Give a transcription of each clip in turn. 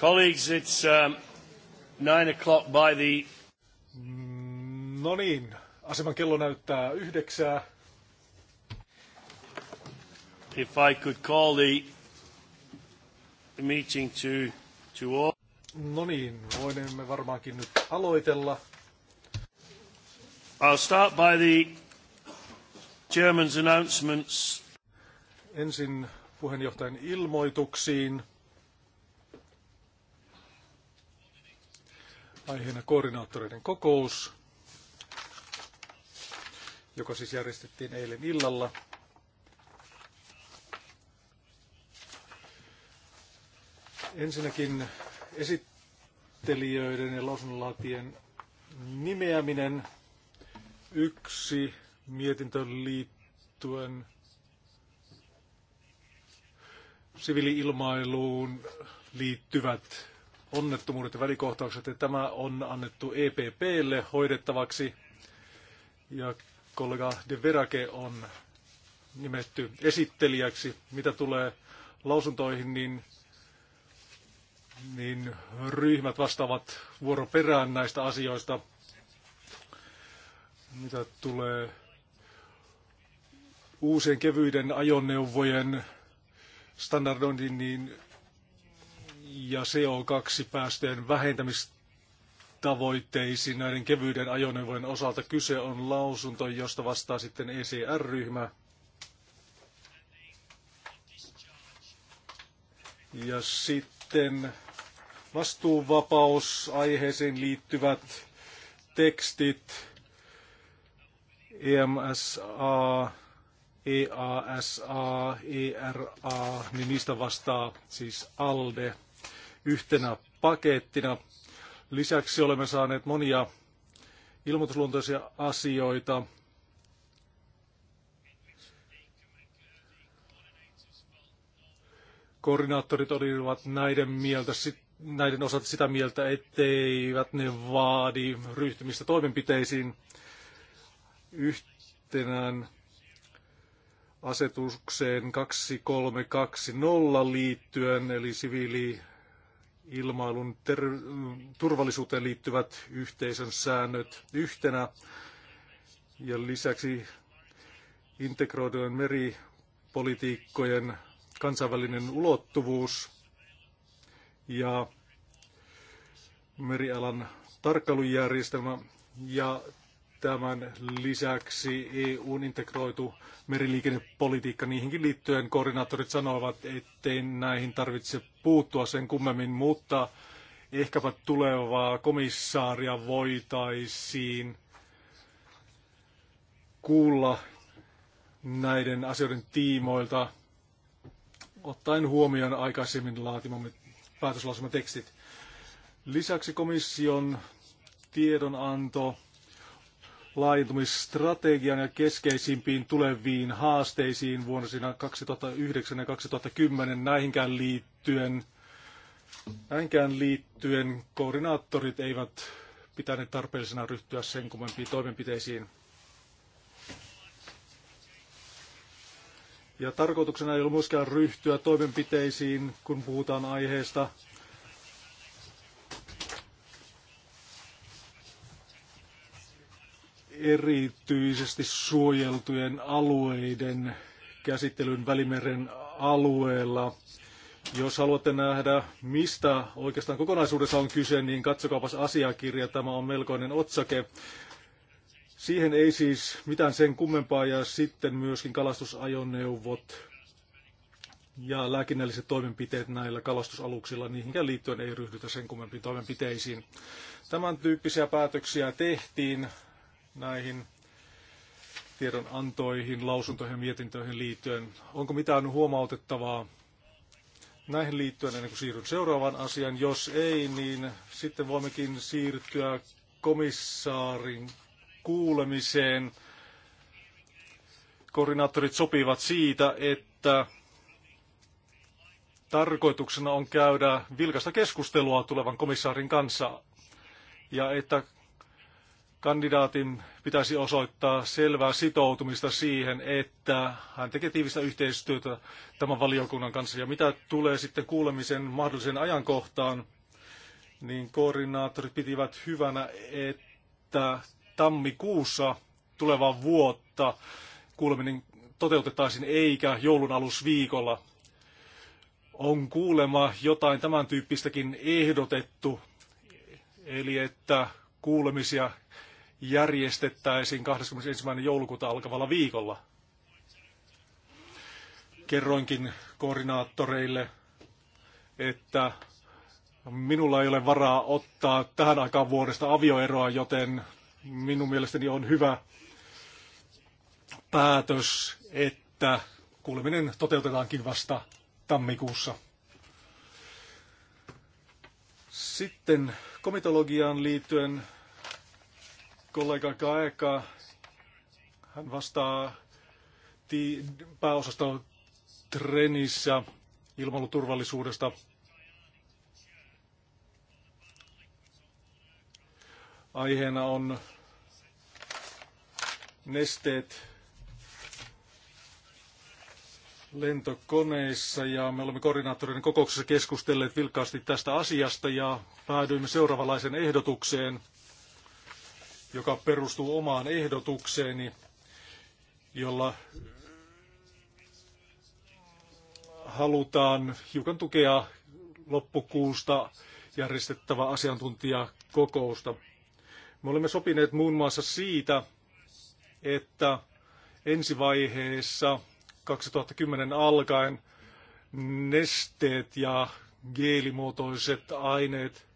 Colleagues, it's um, nine o'clock by the... No niin, aseman kello näyttää yhdeksää. If I could call the, meeting to, to all. No niin, voimme varmaankin nyt aloitella. I'll start by the chairman's announcements. Ensin puheenjohtajan ilmoituksiin. aiheena koordinaattoreiden kokous, joka siis järjestettiin eilen illalla. Ensinnäkin esittelijöiden ja lausunnonlaatien nimeäminen. Yksi mietintöön liittyen siviiliilmailuun liittyvät onnettomuudet ja välikohtaukset, ja tämä on annettu EPPlle hoidettavaksi, ja kollega De Verake on nimetty esittelijäksi. Mitä tulee lausuntoihin, niin, niin ryhmät vastaavat vuoroperään näistä asioista. Mitä tulee uusien kevyiden ajoneuvojen standardointiin, niin ja CO2-päästöjen vähentämistavoitteisiin näiden kevyiden ajoneuvojen osalta. Kyse on lausunto, josta vastaa sitten ECR-ryhmä. Ja sitten vastuuvapausaiheeseen liittyvät tekstit EMSA, EASA, ERA, niin niistä vastaa siis ALDE yhtenä pakettina. Lisäksi olemme saaneet monia ilmoitusluontoisia asioita. Koordinaattorit olivat näiden, mieltä, näiden osalta sitä mieltä, etteivät ne vaadi ryhtymistä toimenpiteisiin yhtenään asetukseen 2320 liittyen, eli siviili ilmailun turvallisuuteen liittyvät yhteisön säännöt yhtenä ja lisäksi integroidun meripolitiikkojen kansainvälinen ulottuvuus ja merialan tarkkailujärjestelmä ja Tämän lisäksi EUn integroitu meriliikennepolitiikka niihinkin liittyen koordinaattorit sanovat, ettei näihin tarvitse puuttua sen kummemmin, mutta ehkäpä tulevaa komissaaria voitaisiin kuulla näiden asioiden tiimoilta, ottaen huomioon aikaisemmin laatimamme päätöslausumatekstit. Lisäksi komission tiedonanto laajentumisstrategian ja keskeisimpiin tuleviin haasteisiin vuosina 2009 ja 2010 näihinkään liittyen. näihinkään liittyen koordinaattorit eivät pitäneet tarpeellisena ryhtyä sen kummempiin toimenpiteisiin. Ja tarkoituksena ei ollut myöskään ryhtyä toimenpiteisiin, kun puhutaan aiheesta, erityisesti suojeltujen alueiden käsittelyn Välimeren alueella. Jos haluatte nähdä, mistä oikeastaan kokonaisuudessa on kyse, niin katsokaapas asiakirja. Tämä on melkoinen otsake. Siihen ei siis mitään sen kummempaa ja sitten myöskin kalastusajoneuvot ja lääkinnälliset toimenpiteet näillä kalastusaluksilla, niihinkään liittyen ei ryhdytä sen kummempiin toimenpiteisiin. Tämän tyyppisiä päätöksiä tehtiin näihin tiedonantoihin, lausuntoihin ja mietintöihin liittyen. Onko mitään huomautettavaa näihin liittyen ennen kuin siirryn seuraavaan asiaan? Jos ei, niin sitten voimmekin siirtyä komissaarin kuulemiseen. Koordinaattorit sopivat siitä, että tarkoituksena on käydä vilkasta keskustelua tulevan komissaarin kanssa ja että Kandidaatin pitäisi osoittaa selvää sitoutumista siihen, että hän tekee tiivistä yhteistyötä tämän valiokunnan kanssa. Ja mitä tulee sitten kuulemisen mahdolliseen ajankohtaan, niin koordinaattorit pitivät hyvänä, että tammikuussa tulevaa vuotta kuuleminen toteutettaisiin eikä joulun alusviikolla. On kuulema jotain tämän tyyppistäkin ehdotettu, eli että kuulemisia järjestettäisiin 21. joulukuuta alkavalla viikolla. Kerroinkin koordinaattoreille, että minulla ei ole varaa ottaa tähän aikaan vuodesta avioeroa, joten minun mielestäni on hyvä päätös, että kuuleminen toteutetaankin vasta tammikuussa. Sitten komitologiaan liittyen kollega Kaeka, hän vastaa ti- pääosaston Trenissä ilmailuturvallisuudesta. Aiheena on nesteet lentokoneissa ja me olemme koordinaattorin kokouksessa keskustelleet vilkkaasti tästä asiasta ja päädyimme seuraavanlaiseen ehdotukseen – joka perustuu omaan ehdotukseeni, jolla halutaan hiukan tukea loppukuusta järjestettävää asiantuntijakokousta. Me olemme sopineet muun muassa siitä, että ensivaiheessa 2010 alkaen nesteet ja geelimuotoiset aineet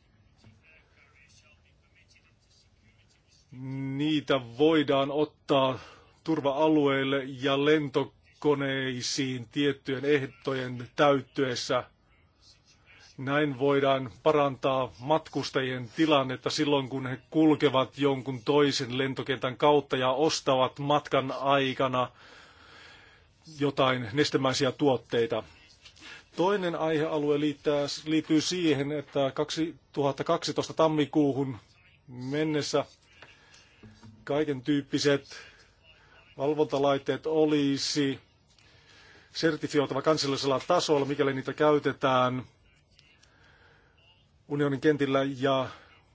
niitä voidaan ottaa turva-alueille ja lentokoneisiin tiettyjen ehtojen täyttyessä. Näin voidaan parantaa matkustajien tilannetta silloin, kun he kulkevat jonkun toisen lentokentän kautta ja ostavat matkan aikana jotain nestemäisiä tuotteita. Toinen aihealue liittää, liittyy siihen, että 2012 tammikuuhun mennessä kaiken tyyppiset valvontalaitteet olisi sertifioitava kansallisella tasolla, mikäli niitä käytetään unionin kentillä ja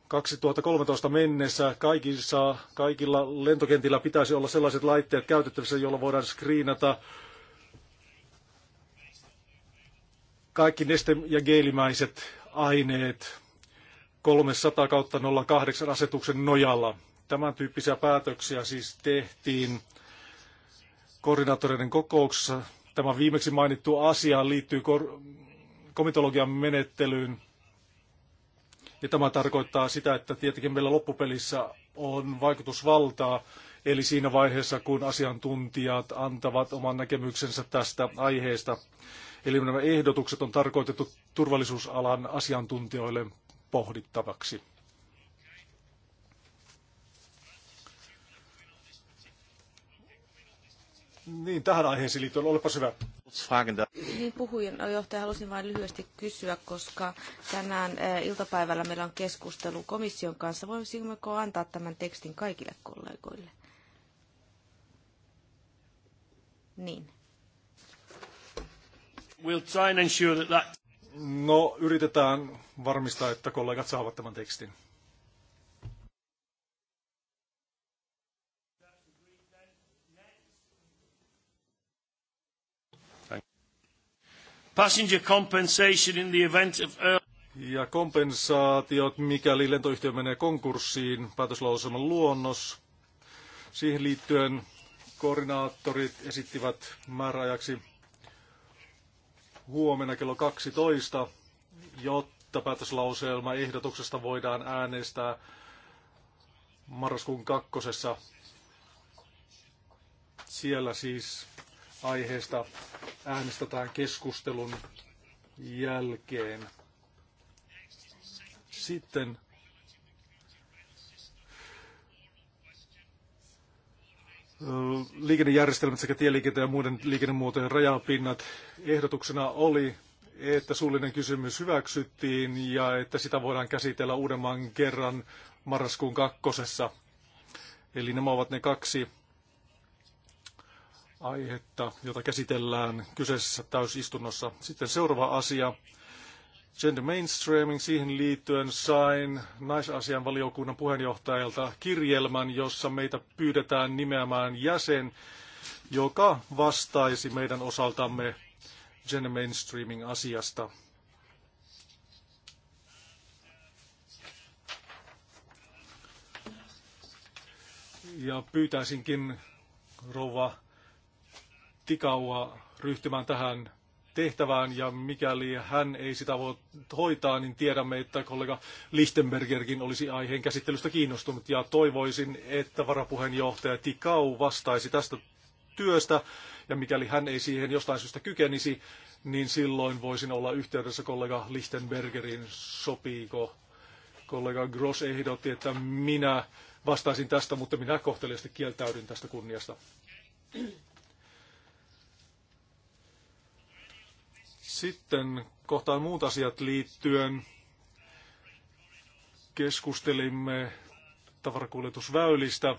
2013 mennessä kaikissa, kaikilla lentokentillä pitäisi olla sellaiset laitteet käytettävissä, joilla voidaan skriinata kaikki neste- ja geelimäiset aineet 300 kautta 08 asetuksen nojalla. Tämän tyyppisiä päätöksiä siis tehtiin koordinaattoreiden kokouksessa. Tämä viimeksi mainittu asia liittyy kor- komitologian menettelyyn. Ja tämä tarkoittaa sitä, että tietenkin meillä loppupelissä on vaikutusvaltaa, eli siinä vaiheessa, kun asiantuntijat antavat oman näkemyksensä tästä aiheesta. Eli nämä ehdotukset on tarkoitettu turvallisuusalan asiantuntijoille pohdittavaksi. Niin, tähän aiheeseen liittyen, olepas hyvä. Niin, puhujan no, johtaja halusin vain lyhyesti kysyä, koska tänään iltapäivällä meillä on keskustelu komission kanssa. Voisimmeko antaa tämän tekstin kaikille kollegoille? Niin. We'll try and ensure that that... No, yritetään varmistaa, että kollegat saavat tämän tekstin. Passenger compensation in the event of early... Ja kompensaatiot, mikäli lentoyhtiö menee konkurssiin, päätöslauselman luonnos. Siihen liittyen koordinaattorit esittivät määräajaksi huomenna kello 12, jotta päätöslauselma ehdotuksesta voidaan äänestää marraskuun kakkosessa. Siellä siis aiheesta äänestetään keskustelun jälkeen. Sitten liikennejärjestelmät sekä tieliikenteen ja muiden liikennemuotojen rajapinnat. Ehdotuksena oli, että suullinen kysymys hyväksyttiin ja että sitä voidaan käsitellä uudemman kerran marraskuun kakkosessa. Eli nämä ovat ne kaksi aihetta, jota käsitellään kyseisessä täysistunnossa. Sitten seuraava asia. Gender mainstreaming, siihen liittyen sain naisasian valiokunnan puheenjohtajalta kirjelmän, jossa meitä pyydetään nimeämään jäsen, joka vastaisi meidän osaltamme gender mainstreaming asiasta. Ja pyytäisinkin rouva Tikaua ryhtymään tähän tehtävään ja mikäli hän ei sitä voi hoitaa, niin tiedämme, että kollega Lichtenbergerkin olisi aiheen käsittelystä kiinnostunut ja toivoisin, että varapuheenjohtaja Tikau vastaisi tästä työstä ja mikäli hän ei siihen jostain syystä kykenisi, niin silloin voisin olla yhteydessä kollega Lichtenbergerin. Sopiiko? Kollega Gross ehdotti, että minä vastaisin tästä, mutta minä kohteliasti kieltäydyn tästä kunniasta. Sitten kohtaan muut asiat liittyen keskustelimme tavarakuljetusväylistä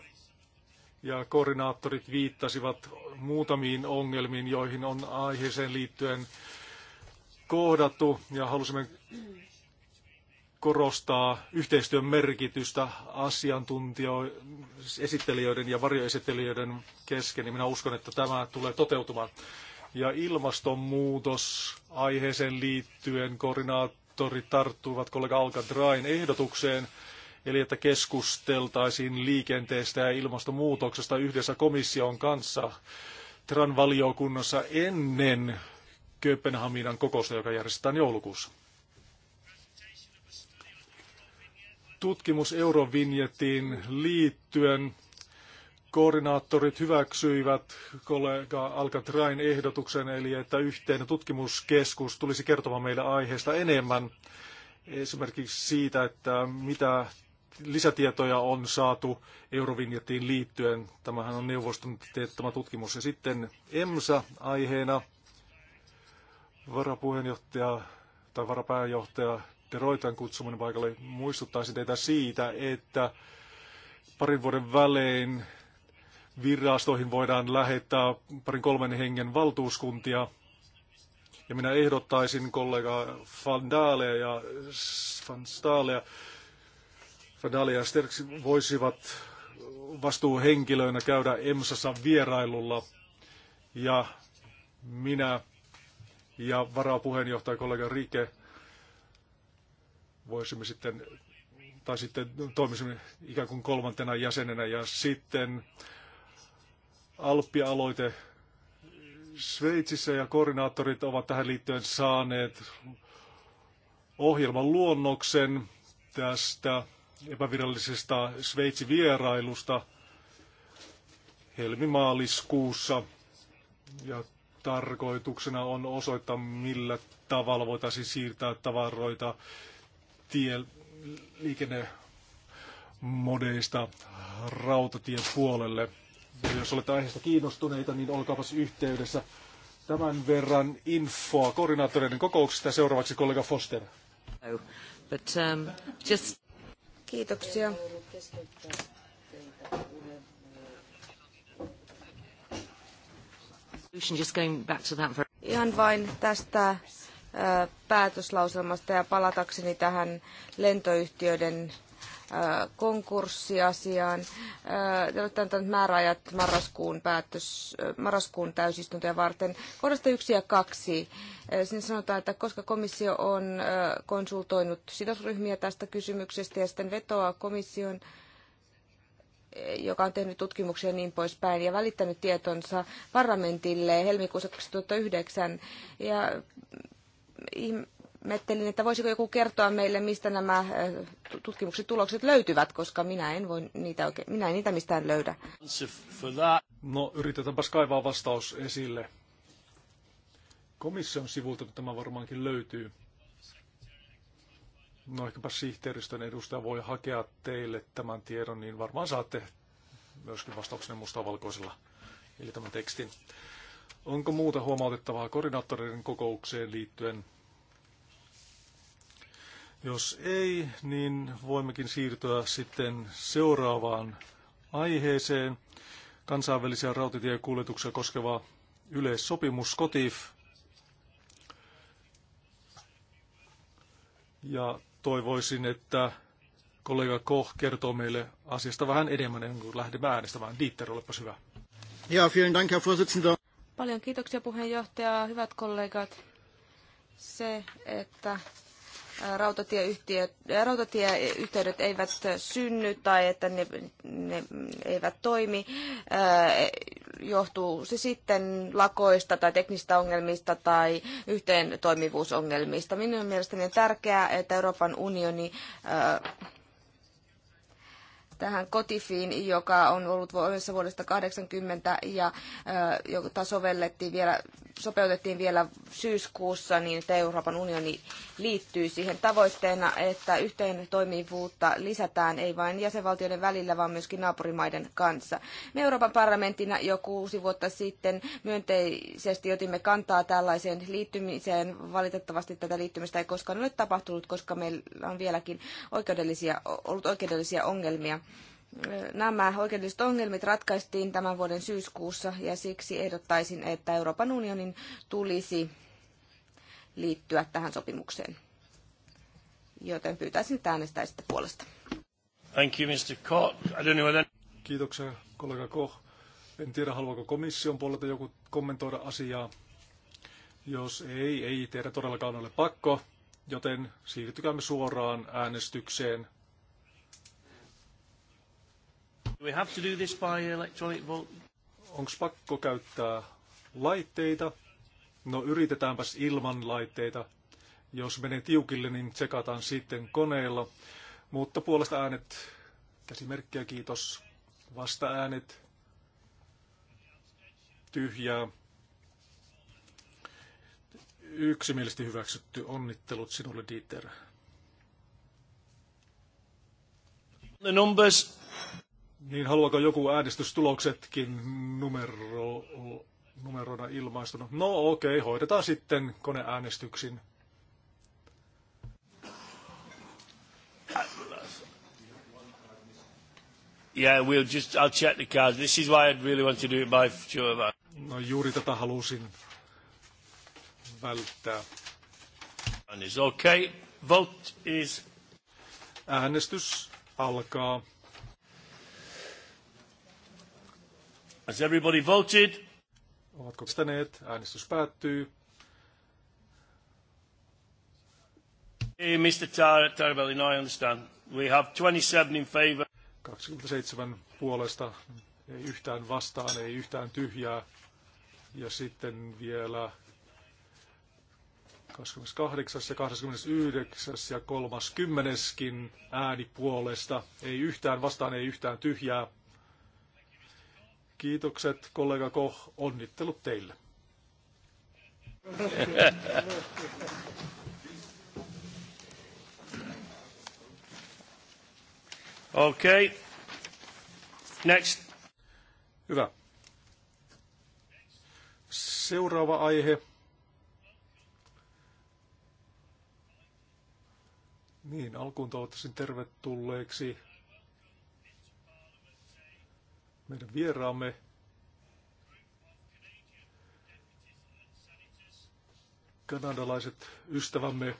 ja koordinaattorit viittasivat muutamiin ongelmiin, joihin on aiheeseen liittyen kohdattu ja halusimme korostaa yhteistyön merkitystä asiantuntijoiden, esittelijöiden ja varjoesittelijöiden kesken. Ja niin minä uskon, että tämä tulee toteutumaan ja ilmastonmuutos aiheeseen liittyen koordinaattorit tarttuivat kollega Alka ehdotukseen, eli että keskusteltaisiin liikenteestä ja ilmastonmuutoksesta yhdessä komission kanssa TRAN-valiokunnassa ennen Kööpenhaminan kokousta, joka järjestetään joulukuussa. Tutkimus Eurovinjettiin liittyen koordinaattorit hyväksyivät kollega Alcatrain ehdotuksen, eli että yhteinen tutkimuskeskus tulisi kertomaan meille aiheesta enemmän, esimerkiksi siitä, että mitä lisätietoja on saatu Eurovinjettiin liittyen. Tämähän on neuvoston teettämä tutkimus. Ja sitten EMSA aiheena varapuheenjohtaja tai varapääjohtaja Deroitan kutsuminen paikalle muistuttaisi teitä siitä, että parin vuoden välein virastoihin voidaan lähettää parin kolmen hengen valtuuskuntia. Ja minä ehdottaisin kollega Van Daalea ja Van Staalea, Van Daalea ja Sterks voisivat vastuuhenkilöinä käydä EMSassa vierailulla. Ja minä ja varapuheenjohtaja kollega Rike voisimme sitten, tai sitten toimisimme ikään kuin kolmantena jäsenenä ja sitten Alppi-aloite Sveitsissä ja koordinaattorit ovat tähän liittyen saaneet ohjelman luonnoksen tästä epävirallisesta sveitsi vierailusta helmimaaliskuussa. Ja tarkoituksena on osoittaa, millä tavalla voitaisiin siirtää tavaroita tie, liikennemodeista rautatien puolelle. Ja jos olette aiheesta kiinnostuneita, niin olkaapas yhteydessä. Tämän verran infoa koordinaattoreiden kokouksesta. Seuraavaksi kollega Foster. No, but, um, just... Kiitoksia. Ihan vain tästä päätöslauselmasta ja palatakseni tähän lentoyhtiöiden konkurssiasiaan. Äh, te olette antaneet määräajat marraskuun, päätös, äh, marraskuun täysistuntoja varten. Kohdasta yksi ja kaksi. Äh, Siinä sanotaan, että koska komissio on konsultoinut sidosryhmiä tästä kysymyksestä ja sitten vetoaa komission joka on tehnyt tutkimuksia ja niin poispäin, ja välittänyt tietonsa parlamentille helmikuussa 2009. Ja Mettelin, että voisiko joku kertoa meille, mistä nämä äh, tutkimuksen tulokset löytyvät, koska minä en, voi niitä oikein, minä en niitä mistään löydä. No yritetäänpäs kaivaa vastaus esille. Komission sivulta tämä varmaankin löytyy. No ehkäpä sihteeristön edustaja voi hakea teille tämän tiedon, niin varmaan saatte myöskin vastauksen mustavalkoisella, eli tämän tekstin. Onko muuta huomautettavaa koordinaattoreiden kokoukseen liittyen? Jos ei, niin voimmekin siirtyä sitten seuraavaan aiheeseen. Kansainvälisiä rautatiekuljetuksia koskeva yleissopimus SCOTIF. Ja toivoisin, että kollega Koh kertoo meille asiasta vähän enemmän ennen kuin lähdemme äänestämään. Dieter, olepas hyvä. Ja, vielen dank, Herr Vorsitzender. Paljon kiitoksia puheenjohtaja, hyvät kollegat. Se, että rautatieyhtiöt, rautatieyhteydet eivät synny tai että ne, ne eivät toimi. Äh, johtuu se sitten lakoista tai teknisistä ongelmista tai yhteen toimivuusongelmista. Minun mielestäni on tärkeää, että Euroopan unioni äh, tähän Kotifiin, joka on ollut voimassa vuodesta 80 ja äh, jota sovellettiin vielä, sopeutettiin vielä syyskuussa, niin että Euroopan unioni liittyy siihen tavoitteena, että yhteen toimivuutta lisätään ei vain jäsenvaltioiden välillä, vaan myöskin naapurimaiden kanssa. Me Euroopan parlamenttina jo kuusi vuotta sitten myönteisesti otimme kantaa tällaiseen liittymiseen. Valitettavasti tätä liittymistä ei koskaan ole tapahtunut, koska meillä on vieläkin oikeudellisia, ollut oikeudellisia ongelmia. Nämä oikeudelliset ongelmat ratkaistiin tämän vuoden syyskuussa ja siksi ehdottaisin, että Euroopan unionin tulisi liittyä tähän sopimukseen. Joten pyytäisin, että äänestäisitte puolesta. Thank you, Mr. Koch. I don't know whether... Kiitoksia, kollega Koch. En tiedä, haluaako komission puolelta joku kommentoida asiaa. Jos ei, ei tiedä todellakaan ole pakko, joten siirtykäämme suoraan äänestykseen. We have to do this by electronic vote. Onko pakko käyttää laitteita? No yritetäänpäs ilman laitteita. Jos menee tiukille, niin tsekataan sitten koneella. Mutta puolesta äänet, käsimerkkiä kiitos. Vasta äänet, tyhjää. Yksimielisesti hyväksytty. Onnittelut sinulle, Dieter. The numbers. Niin, haluaako joku äänestystuloksetkin numero numeroida ilmaistuna. No okei, okay, hoidetaan sitten koneäänestyksin. Yeah, we'll just, I'll check the cards. This is why I really want to do it by sure. No juuri tätä halusin välttää. And it's okay. Vote is... Äänestys alkaa. Has everybody voted? Ovatko stäneet? Äänestys päättyy. Hey, Mr. Tar Tarvelin, no, I understand. We have 27 in favor. 27 puolesta, ei yhtään vastaan, ei yhtään tyhjää. Ja sitten vielä 28 ja 29 ja 30 ääni puolesta, ei yhtään vastaan, ei yhtään tyhjää. Kiitokset kollega Koch, onnittelut teille. Okei. Okay. Next. Hyvä. Seuraava aihe. Niin, alkuun toivottaisin tervetulleeksi meidän vieraamme kanadalaiset ystävämme,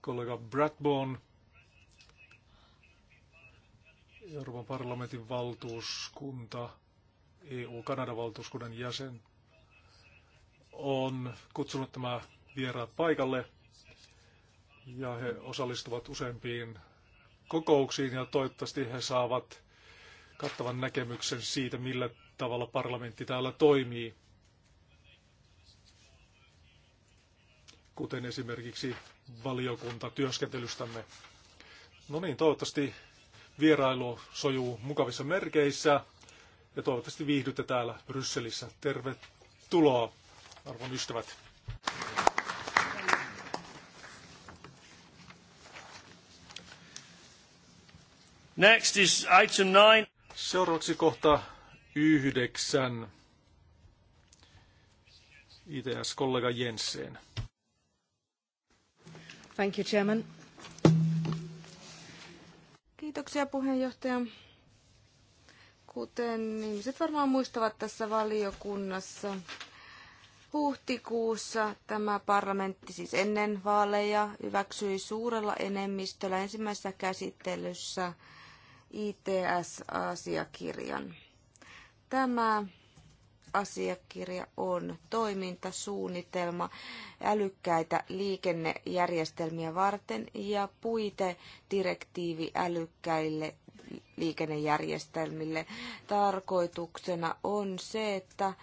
kollega Bradbone, Euroopan parlamentin valtuuskunta, EU-Kanadan valtuuskunnan jäsen, on kutsunut tämä vieraat paikalle ja he osallistuvat useampiin kokouksiin ja toivottavasti he saavat kattavan näkemyksen siitä, millä tavalla parlamentti täällä toimii. Kuten esimerkiksi valiokunta No niin, toivottavasti vierailu sojuu mukavissa merkeissä ja toivottavasti viihdytte täällä Brysselissä. Tervetuloa, arvon ystävät. Next is item nine. Seuraavaksi kohta yhdeksän. ITS-kollega Jensen. Thank you, Chairman. Kiitoksia puheenjohtaja. Kuten ihmiset varmaan muistavat tässä valiokunnassa, huhtikuussa tämä parlamentti siis ennen vaaleja hyväksyi suurella enemmistöllä ensimmäisessä käsittelyssä ITS-asiakirjan. Tämä asiakirja on toimintasuunnitelma älykkäitä liikennejärjestelmiä varten ja puitedirektiivi älykkäille liikennejärjestelmille. Tarkoituksena on se, että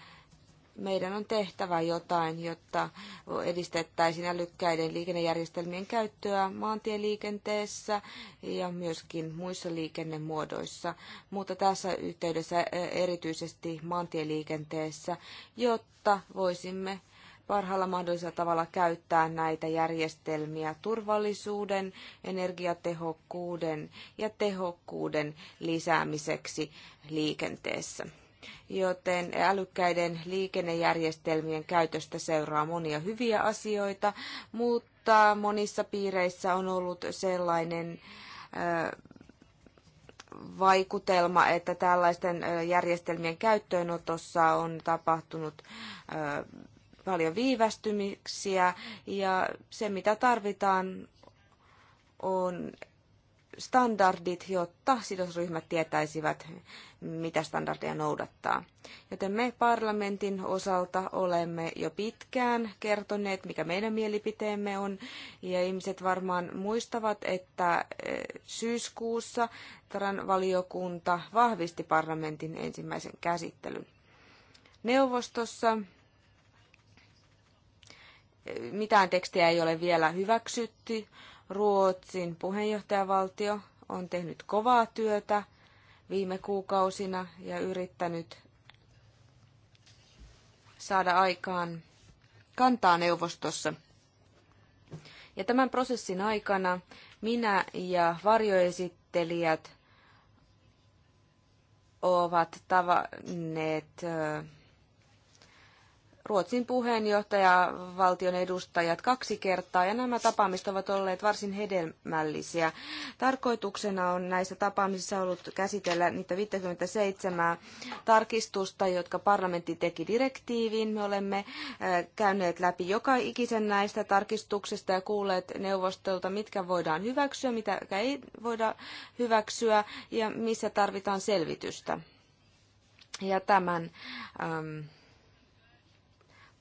meidän on tehtävä jotain, jotta edistettäisiin älykkäiden liikennejärjestelmien käyttöä maantieliikenteessä ja myöskin muissa liikennemuodoissa, mutta tässä yhteydessä e, erityisesti maantieliikenteessä, jotta voisimme parhaalla mahdollisella tavalla käyttää näitä järjestelmiä turvallisuuden, energiatehokkuuden ja tehokkuuden lisäämiseksi liikenteessä joten älykkäiden liikennejärjestelmien käytöstä seuraa monia hyviä asioita, mutta monissa piireissä on ollut sellainen vaikutelma, että tällaisten järjestelmien käyttöönotossa on tapahtunut paljon viivästymisiä ja se mitä tarvitaan on standardit, jotta sidosryhmät tietäisivät, mitä standardeja noudattaa. Joten me parlamentin osalta olemme jo pitkään kertoneet, mikä meidän mielipiteemme on, ja ihmiset varmaan muistavat, että eh, syyskuussa Taran valiokunta vahvisti parlamentin ensimmäisen käsittelyn. Neuvostossa eh, mitään tekstiä ei ole vielä hyväksytty, Ruotsin puheenjohtajavaltio on tehnyt kovaa työtä viime kuukausina ja yrittänyt saada aikaan kantaa neuvostossa. Ja tämän prosessin aikana minä ja varjoesittelijät ovat tavanneet Ruotsin puheenjohtaja, valtion edustajat kaksi kertaa ja nämä tapaamiset ovat olleet varsin hedelmällisiä. Tarkoituksena on näissä tapaamisissa ollut käsitellä niitä 57 tarkistusta, jotka parlamentti teki direktiiviin. Me olemme käyneet läpi joka ikisen näistä tarkistuksista ja kuulleet neuvostolta, mitkä voidaan hyväksyä, mitä ei voida hyväksyä ja missä tarvitaan selvitystä. Ja tämän ähm,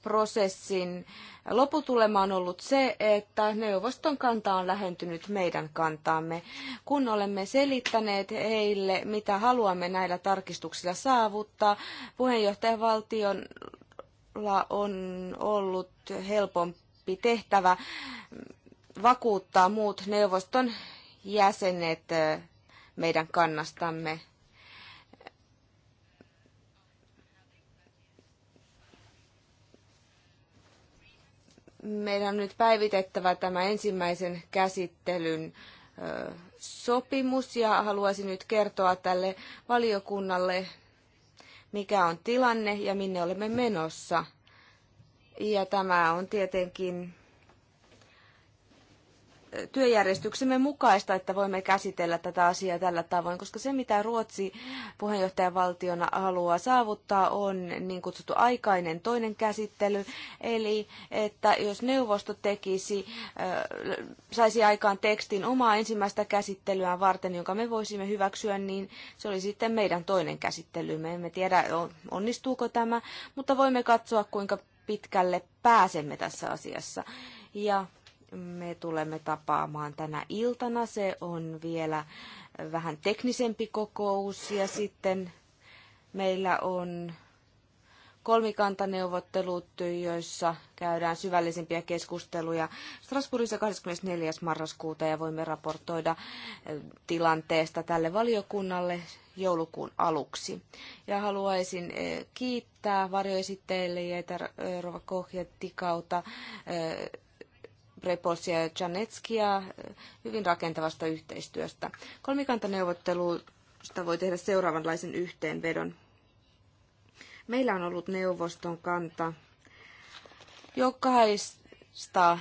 prosessin lopputulema on ollut se, että neuvoston kanta on lähentynyt meidän kantaamme. Kun olemme selittäneet heille, mitä haluamme näillä tarkistuksilla saavuttaa, puheenjohtajavaltiolla on ollut helpompi tehtävä vakuuttaa muut neuvoston jäsenet eh, meidän kannastamme. meidän on nyt päivitettävä tämä ensimmäisen käsittelyn sopimus ja haluaisin nyt kertoa tälle valiokunnalle, mikä on tilanne ja minne olemme menossa. Ja tämä on tietenkin työjärjestyksemme mukaista, että voimme käsitellä tätä asiaa tällä tavoin, koska se mitä Ruotsi puheenjohtajavaltiona haluaa saavuttaa on niin kutsuttu aikainen toinen käsittely, eli että jos neuvosto tekisi, saisi aikaan tekstin omaa ensimmäistä käsittelyään varten, jonka me voisimme hyväksyä, niin se oli sitten meidän toinen käsittelymme. Emme tiedä, onnistuuko tämä, mutta voimme katsoa, kuinka pitkälle pääsemme tässä asiassa. Ja me tulemme tapaamaan tänä iltana. Se on vielä vähän teknisempi kokous ja sitten meillä on kolmikantaneuvottelut, joissa käydään syvällisempiä keskusteluja Strasbourgissa 24. marraskuuta ja voimme raportoida eh, tilanteesta tälle valiokunnalle joulukuun aluksi. Ja haluaisin eh, kiittää varjoesittelijöitä Rova Kohja Tikauta eh, Preposia ja Janetskia e, hyvin rakentavasta yhteistyöstä. Kolmikantaneuvottelusta voi tehdä seuraavanlaisen yhteenvedon. Meillä on ollut neuvoston kanta jokaista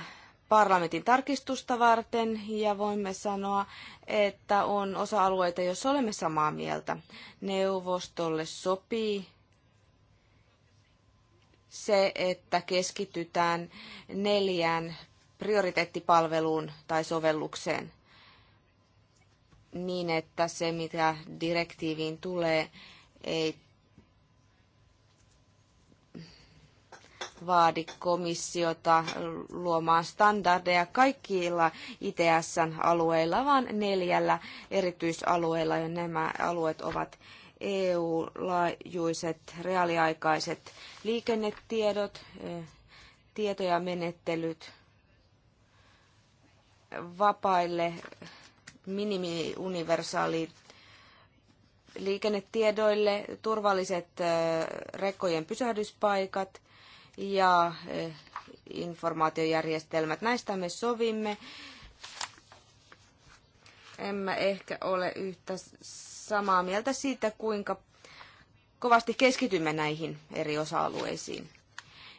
parlamentin tarkistusta varten ja voimme sanoa, että on osa-alueita, jos olemme samaa mieltä. Neuvostolle sopii se, että keskitytään neljään prioriteettipalveluun tai sovellukseen niin, että se mitä direktiiviin tulee ei vaadi komissiota luomaan standardeja kaikilla its alueilla, vaan neljällä erityisalueella, ja nämä alueet ovat EU-laajuiset reaaliaikaiset liikennetiedot, eh, tietoja menettelyt, vapaille minimiuniversaali liikennetiedoille, turvalliset rekkojen pysähdyspaikat ja informaatiojärjestelmät. Näistä me sovimme. Emme ehkä ole yhtä samaa mieltä siitä, kuinka kovasti keskitymme näihin eri osa-alueisiin.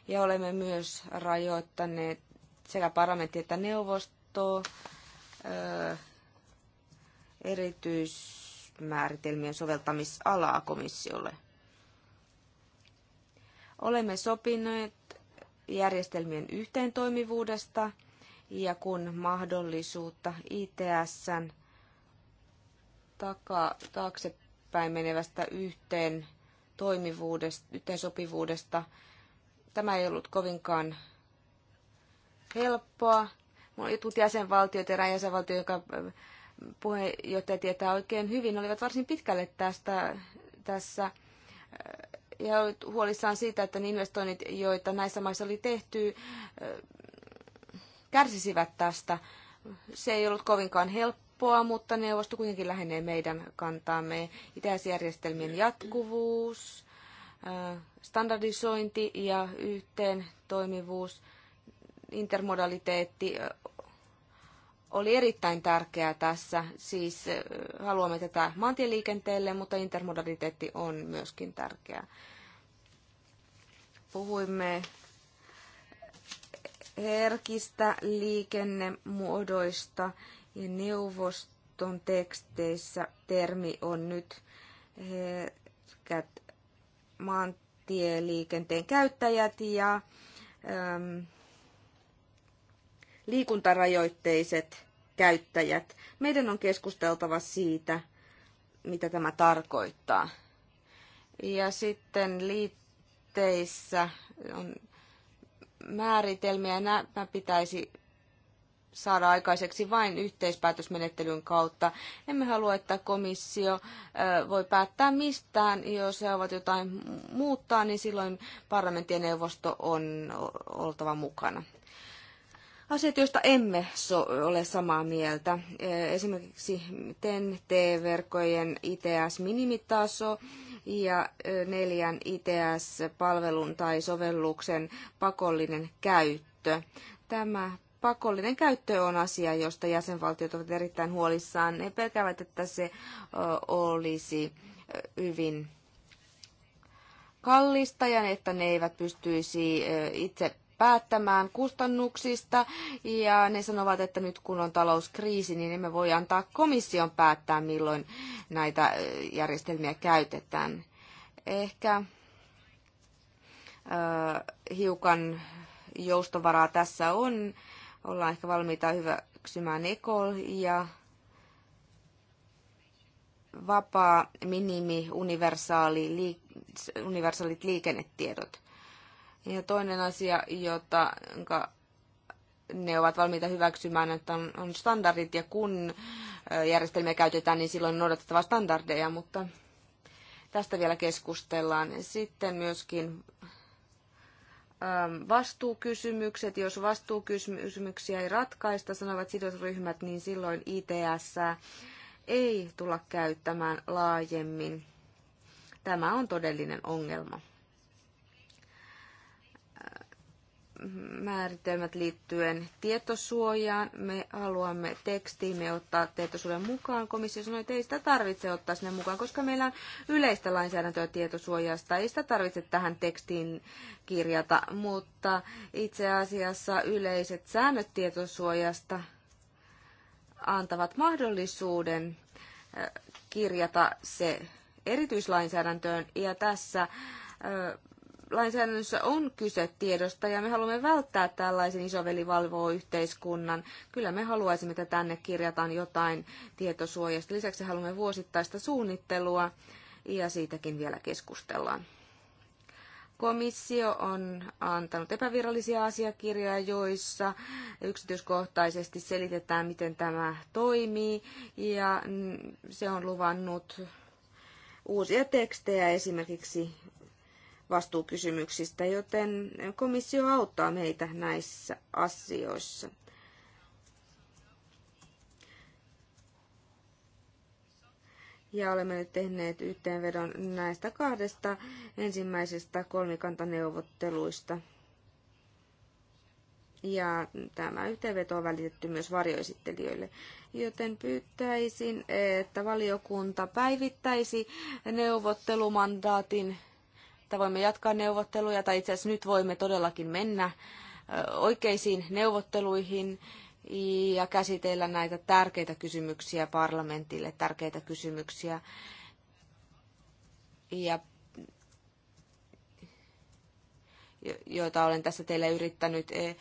Ja olemme myös rajoittaneet sekä parlamentti että neuvosto kattoo erityismääritelmien soveltamisalaa komissiolle. Olemme sopineet järjestelmien yhteentoimivuudesta ja kun mahdollisuutta ITSn taka, taaksepäin menevästä yhteen toimivuudesta, yhteensopivuudesta. Tämä ei ollut kovinkaan helppoa Jotkut jäsenvaltiot, erään jäsenvaltio, joka puheenjohtaja tietää oikein hyvin, olivat varsin pitkälle tästä, tässä ja olivat huolissaan siitä, että ne investoinnit, joita näissä maissa oli tehty, kärsisivät tästä. Se ei ollut kovinkaan helppoa, mutta neuvosto kuitenkin lähenee meidän kantaamme. Itäisjärjestelmien jatkuvuus, standardisointi ja yhteen toimivuus – intermodaliteetti oli erittäin tärkeää tässä. Siis haluamme tätä maantieliikenteelle, mutta intermodaliteetti on myöskin tärkeää. Puhuimme herkistä liikennemuodoista ja neuvoston teksteissä termi on nyt herkät maantieliikenteen käyttäjät ja ähm, liikuntarajoitteiset käyttäjät. Meidän on keskusteltava siitä, mitä tämä tarkoittaa. Ja sitten liitteissä on määritelmiä. Nämä pitäisi saada aikaiseksi vain yhteispäätösmenettelyn kautta. Emme halua, että komissio voi päättää mistään. Jos he ovat jotain muuttaa, niin silloin parlamentin neuvosto on oltava mukana asiat, joista emme so- ole samaa mieltä. Eh, esimerkiksi TEN-T-verkkojen ITS-minimitaso ja eh, neljän ITS-palvelun tai sovelluksen pakollinen käyttö. Tämä pakollinen käyttö on asia, josta jäsenvaltiot ovat erittäin huolissaan. Ne pelkäävät, että se eh, olisi hyvin kallista ja että ne eivät pystyisi itse päättämään kustannuksista ja ne sanovat, että nyt kun on talouskriisi, niin emme voi antaa komission päättää, milloin näitä järjestelmiä käytetään. Ehkä hiukan joustovaraa tässä on. Ollaan ehkä valmiita hyväksymään ECOL ja vapaa, minimi, universaali, universaalit liikennetiedot. Ja toinen asia, jota ne ovat valmiita hyväksymään, että on, on standardit ja kun järjestelmiä käytetään, niin silloin on noudatettava standardeja, mutta tästä vielä keskustellaan. Sitten myöskin vastuukysymykset. Jos vastuukysymyksiä ei ratkaista, sanovat sidosryhmät, niin silloin ITS ei tulla käyttämään laajemmin. Tämä on todellinen ongelma. määritelmät liittyen tietosuojaan. Me haluamme me ottaa tietosuojan mukaan. Komissio sanoi, että ei sitä tarvitse ottaa sinne mukaan, koska meillä on yleistä lainsäädäntöä tietosuojasta. Ei sitä tarvitse tähän tekstiin kirjata, mutta itse asiassa yleiset säännöt tietosuojasta antavat mahdollisuuden kirjata se erityislainsäädäntöön. Ja tässä lainsäädännössä on kyse tiedosta ja me haluamme välttää tällaisen isoveli valvoo yhteiskunnan. Kyllä me haluaisimme, että tänne kirjataan jotain tietosuojasta. Lisäksi haluamme vuosittaista suunnittelua ja siitäkin vielä keskustellaan. Komissio on antanut epävirallisia asiakirjoja, joissa yksityiskohtaisesti selitetään, miten tämä toimii, ja se on luvannut uusia tekstejä esimerkiksi vastuukysymyksistä, joten komissio auttaa meitä näissä asioissa. ja olemme nyt tehneet yhteenvedon näistä kahdesta ensimmäisestä kolmikantaneuvotteluista. Ja tämä yhteenveto on välitetty myös varjoesittelijöille, joten pyytäisin, että valiokunta päivittäisi neuvottelumandaatin että voimme jatkaa neuvotteluja, tai itse asiassa nyt voimme todellakin mennä oikeisiin neuvotteluihin ja käsitellä näitä tärkeitä kysymyksiä parlamentille, tärkeitä kysymyksiä. Ja joita olen tässä teille yrittänyt e-,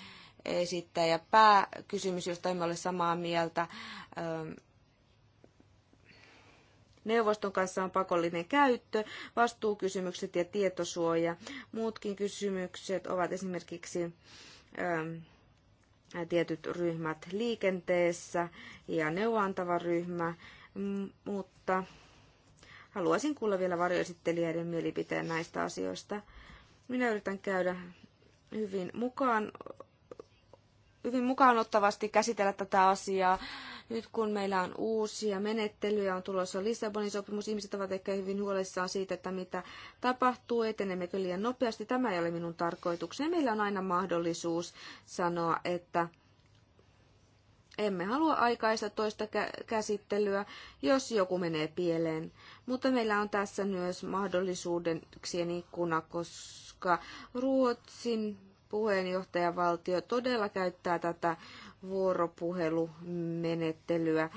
esittää. Ja pääkysymys, josta emme ole samaa mieltä, neuvoston kanssa on pakollinen käyttö, vastuukysymykset ja tietosuoja. Muutkin kysymykset ovat esimerkiksi ähm, tietyt ryhmät liikenteessä ja neuvoantava ryhmä, mutta haluaisin kuulla vielä varjoesittelijäiden mielipiteen näistä asioista. Minä yritän käydä hyvin mukaan hyvin mukaanottavasti käsitellä tätä asiaa. Nyt kun meillä on uusia menettelyjä, on tulossa Lissabonin sopimus, ihmiset ovat ehkä hyvin huolissaan siitä, että mitä tapahtuu, etenemmekö liian nopeasti. Tämä ei ole minun tarkoitukseni. Meillä on aina mahdollisuus sanoa, että emme halua aikaista toista käsittelyä, jos joku menee pieleen. Mutta meillä on tässä myös mahdollisuuden ikkuna, koska Ruotsin puheenjohtajavaltio todella käyttää tätä vuoropuhelumenettelyä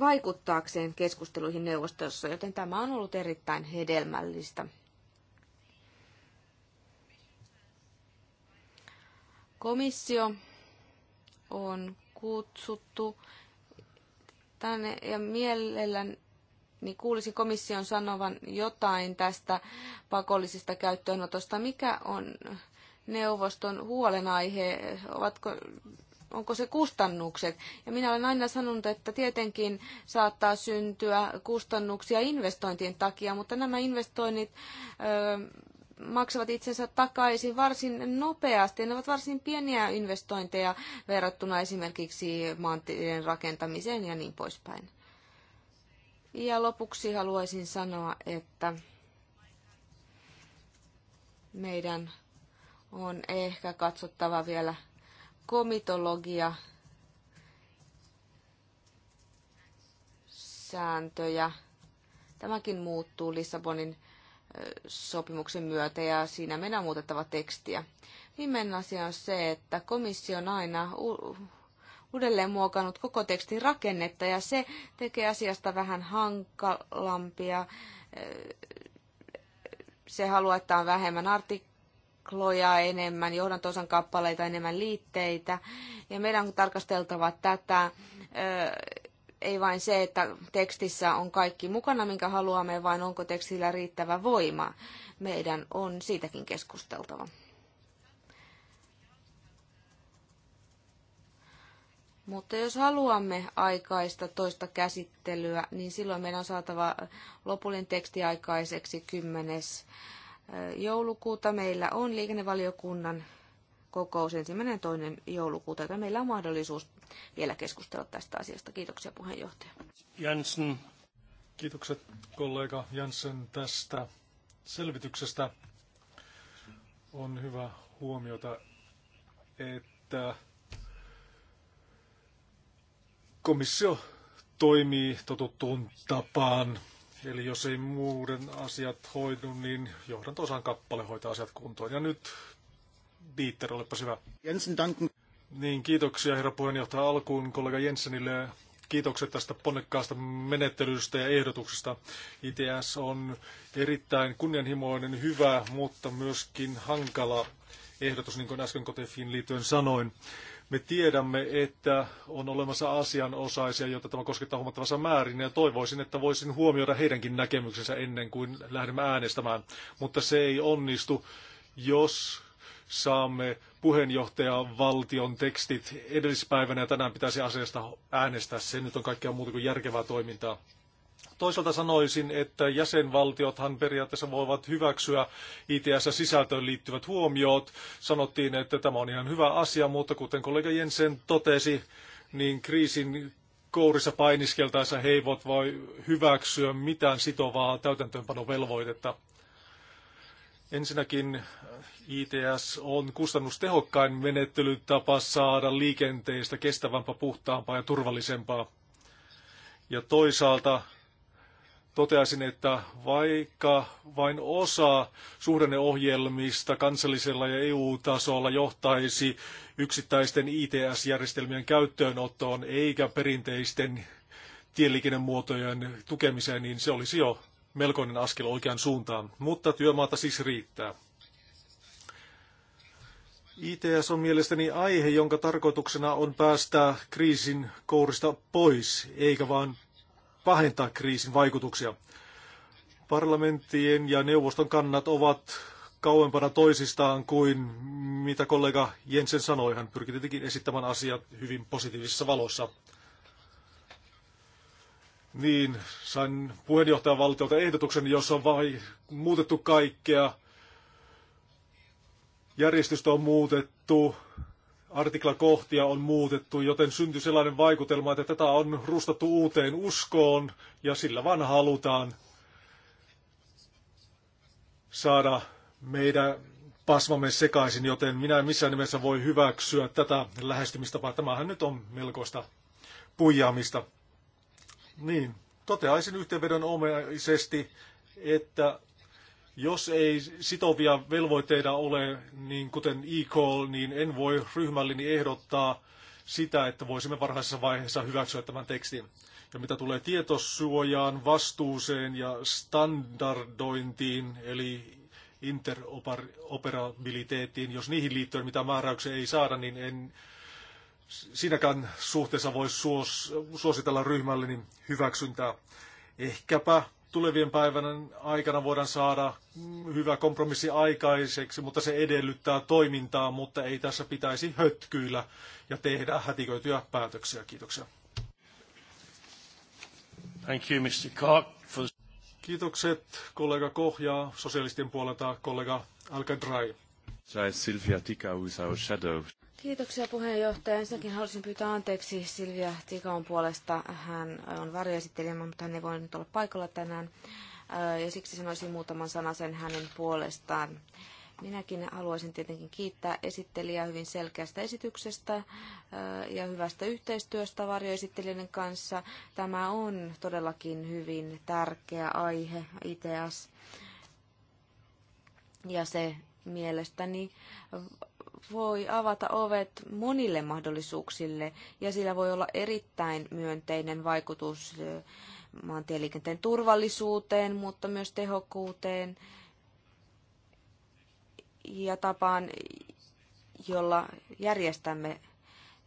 vaikuttaakseen keskusteluihin neuvostossa, joten tämä on ollut erittäin hedelmällistä. Komissio on kutsuttu tänne ja mielelläni niin kuulisin komission sanovan jotain tästä pakollisesta käyttöönotosta. Mikä on neuvoston huolenaihe, ovatko onko se kustannukset. Ja minä olen aina sanonut, että tietenkin saattaa syntyä kustannuksia investointien takia, mutta nämä investoinnit ö, maksavat itsensä takaisin varsin nopeasti. Ne ovat varsin pieniä investointeja verrattuna esimerkiksi maantien rakentamiseen ja niin poispäin. Ja lopuksi haluaisin sanoa, että meidän on ehkä katsottava vielä komitologia sääntöjä. Tämäkin muuttuu Lissabonin sopimuksen myötä ja siinä mennään muutettava tekstiä. Viimeinen asia on se, että komissio on aina uudelleen muokannut koko tekstin rakennetta ja se tekee asiasta vähän hankalampia. Se haluaa, että on vähemmän artik- artikloja enemmän, johdantosan kappaleita enemmän liitteitä. Ja meidän on tarkasteltava tätä, ei vain se, että tekstissä on kaikki mukana, minkä haluamme, vaan onko tekstillä riittävä voima. Meidän on siitäkin keskusteltava. Mutta jos haluamme aikaista toista käsittelyä, niin silloin meidän on saatava lopullinen teksti aikaiseksi 10 joulukuuta meillä on liikennevaliokunnan kokous ensimmäinen ja toinen joulukuuta, joten meillä on mahdollisuus vielä keskustella tästä asiasta. Kiitoksia puheenjohtaja. Janssen. Kiitokset kollega Janssen tästä selvityksestä. On hyvä huomiota, että komissio toimii totuttuun tapaan Eli jos ei muuden asiat hoidu, niin johdantosan kappale hoitaa asiat kuntoon. Ja nyt Dieter, olepa hyvä. Jensen, danken. Niin, kiitoksia herra puheenjohtaja alkuun kollega Jensenille. Kiitokset tästä ponnekkaasta menettelystä ja ehdotuksesta. ITS on erittäin kunnianhimoinen, hyvä, mutta myöskin hankala ehdotus, niin kuin äsken kotefiin liittyen sanoin. Me tiedämme, että on olemassa asianosaisia, joita tämä koskettaa huomattavassa määrin, ja toivoisin, että voisin huomioida heidänkin näkemyksensä ennen kuin lähdemme äänestämään. Mutta se ei onnistu, jos saamme puheenjohtajan valtion tekstit edellispäivänä, ja tänään pitäisi asiasta äänestää. Se nyt on kaikkea muuta kuin järkevää toimintaa. Toisaalta sanoisin, että jäsenvaltiothan periaatteessa voivat hyväksyä ITS-sisältöön liittyvät huomiot. Sanottiin, että tämä on ihan hyvä asia, mutta kuten kollega Jensen totesi, niin kriisin kourissa painiskeltaessa he eivät voi hyväksyä mitään sitovaa täytäntöönpanovelvoitetta. Ensinnäkin äh, ITS on kustannustehokkain menettelytapa saada liikenteestä kestävämpää, puhtaampaa ja turvallisempaa. Ja toisaalta toteaisin, että vaikka vain osa suhdanneohjelmista kansallisella ja EU-tasolla johtaisi yksittäisten ITS-järjestelmien käyttöönottoon eikä perinteisten tieliikennemuotojen tukemiseen, niin se olisi jo melkoinen askel oikeaan suuntaan. Mutta työmaata siis riittää. ITS on mielestäni aihe, jonka tarkoituksena on päästä kriisin kourista pois, eikä vaan pahentaa kriisin vaikutuksia. Parlamenttien ja neuvoston kannat ovat kauempana toisistaan kuin mitä kollega Jensen sanoi. Hän pyrki tietenkin esittämään asiat hyvin positiivisessa valossa. Niin, sain puheenjohtajan valtiolta ehdotuksen, jossa on vai muutettu kaikkea. Järjestystä on muutettu, artiklakohtia on muutettu, joten syntyi sellainen vaikutelma, että tätä on rustattu uuteen uskoon ja sillä vaan halutaan saada meidän pasvamme sekaisin, joten minä en missään nimessä voi hyväksyä tätä lähestymistapaa. Tämähän nyt on melkoista puijaamista. Niin, toteaisin yhteenvedon omaisesti, että jos ei sitovia velvoitteita ole, niin kuten e-call, niin en voi ryhmälleni ehdottaa sitä, että voisimme varhaisessa vaiheessa hyväksyä tämän tekstin. Ja mitä tulee tietosuojaan, vastuuseen ja standardointiin, eli interoperabiliteettiin, jos niihin liittyen mitä määräyksiä ei saada, niin en siinäkään suhteessa voi suos, suositella ryhmälleni hyväksyntää. Ehkäpä tulevien päivän aikana voidaan saada hyvä kompromissi aikaiseksi, mutta se edellyttää toimintaa, mutta ei tässä pitäisi hötkyillä ja tehdä hätiköityjä päätöksiä. Kiitoksia. Thank you, Mr. Clark, for... Kiitokset kollega ja sosialistien puolelta kollega Alcadray. Silvia Tika, who is our shadow. Kiitoksia puheenjohtaja. Ensinnäkin haluaisin pyytää anteeksi Silvia Tikaon puolesta. Hän on varjoesittelijä, mutta hän ei voinut olla paikalla tänään. Ja siksi sanoisin muutaman sanan sen hänen puolestaan. Minäkin haluaisin tietenkin kiittää esittelijää hyvin selkeästä esityksestä ja hyvästä yhteistyöstä varjoesittelijöiden kanssa. Tämä on todellakin hyvin tärkeä aihe, ITS. Ja se mielestäni voi avata ovet monille mahdollisuuksille ja sillä voi olla erittäin myönteinen vaikutus maantieliikenteen turvallisuuteen, mutta myös tehokkuuteen ja tapaan, jolla järjestämme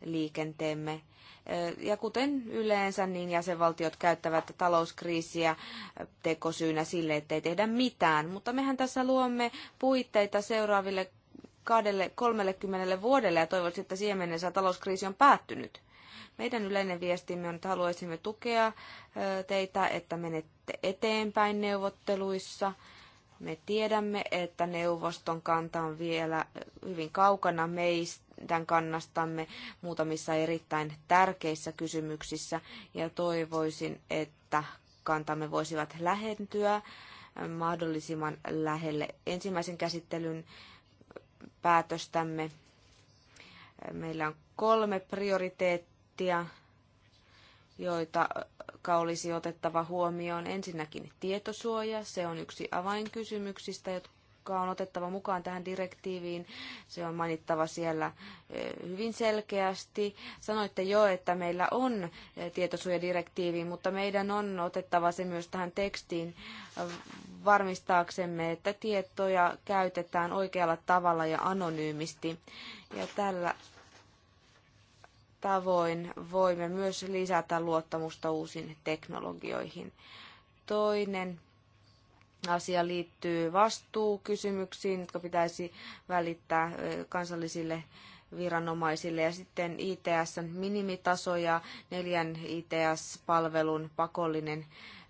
liikenteemme. Ja kuten yleensä, niin jäsenvaltiot käyttävät talouskriisiä tekosyynä sille, ettei tehdä mitään. Mutta mehän tässä luomme puitteita seuraaville Kahdelle 30 vuodelle ja toivoisin, että siihen mennessä talouskriisi on päättynyt. Meidän yleinen viestimme on, että haluaisimme tukea teitä, että menette eteenpäin neuvotteluissa. Me tiedämme, että neuvoston kanta on vielä hyvin kaukana meidän kannastamme muutamissa erittäin tärkeissä kysymyksissä ja toivoisin, että kantamme voisivat lähentyä mahdollisimman lähelle ensimmäisen käsittelyn päätöstämme. Meillä on kolme prioriteettia, joita olisi otettava huomioon. Ensinnäkin tietosuoja, se on yksi avainkysymyksistä, jotka joka on otettava mukaan tähän direktiiviin. Se on mainittava siellä eh, hyvin selkeästi. Sanoitte jo, että meillä on eh, tietosuojadirektiivi, mutta meidän on otettava se myös tähän tekstiin eh, varmistaaksemme, että tietoja käytetään oikealla tavalla ja anonyymisti. Ja tällä tavoin voimme myös lisätä luottamusta uusiin teknologioihin. Toinen asia liittyy vastuukysymyksiin, jotka pitäisi välittää kansallisille viranomaisille ja sitten ITS-minimitaso ja neljän ITS-palvelun pakollinen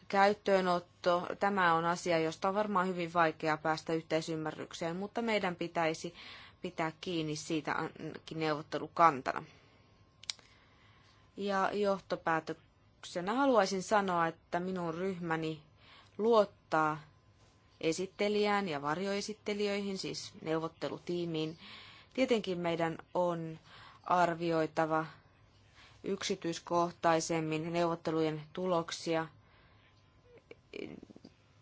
käyttöönotto. Tämä on asia, josta on varmaan hyvin vaikea päästä yhteisymmärrykseen, mutta meidän pitäisi pitää kiinni siitä ainakin neuvottelukantana. Ja johtopäätöksenä haluaisin sanoa, että minun ryhmäni luottaa esittelijään ja varjoesittelijöihin, siis neuvottelutiimiin. Tietenkin meidän on arvioitava yksityiskohtaisemmin neuvottelujen tuloksia,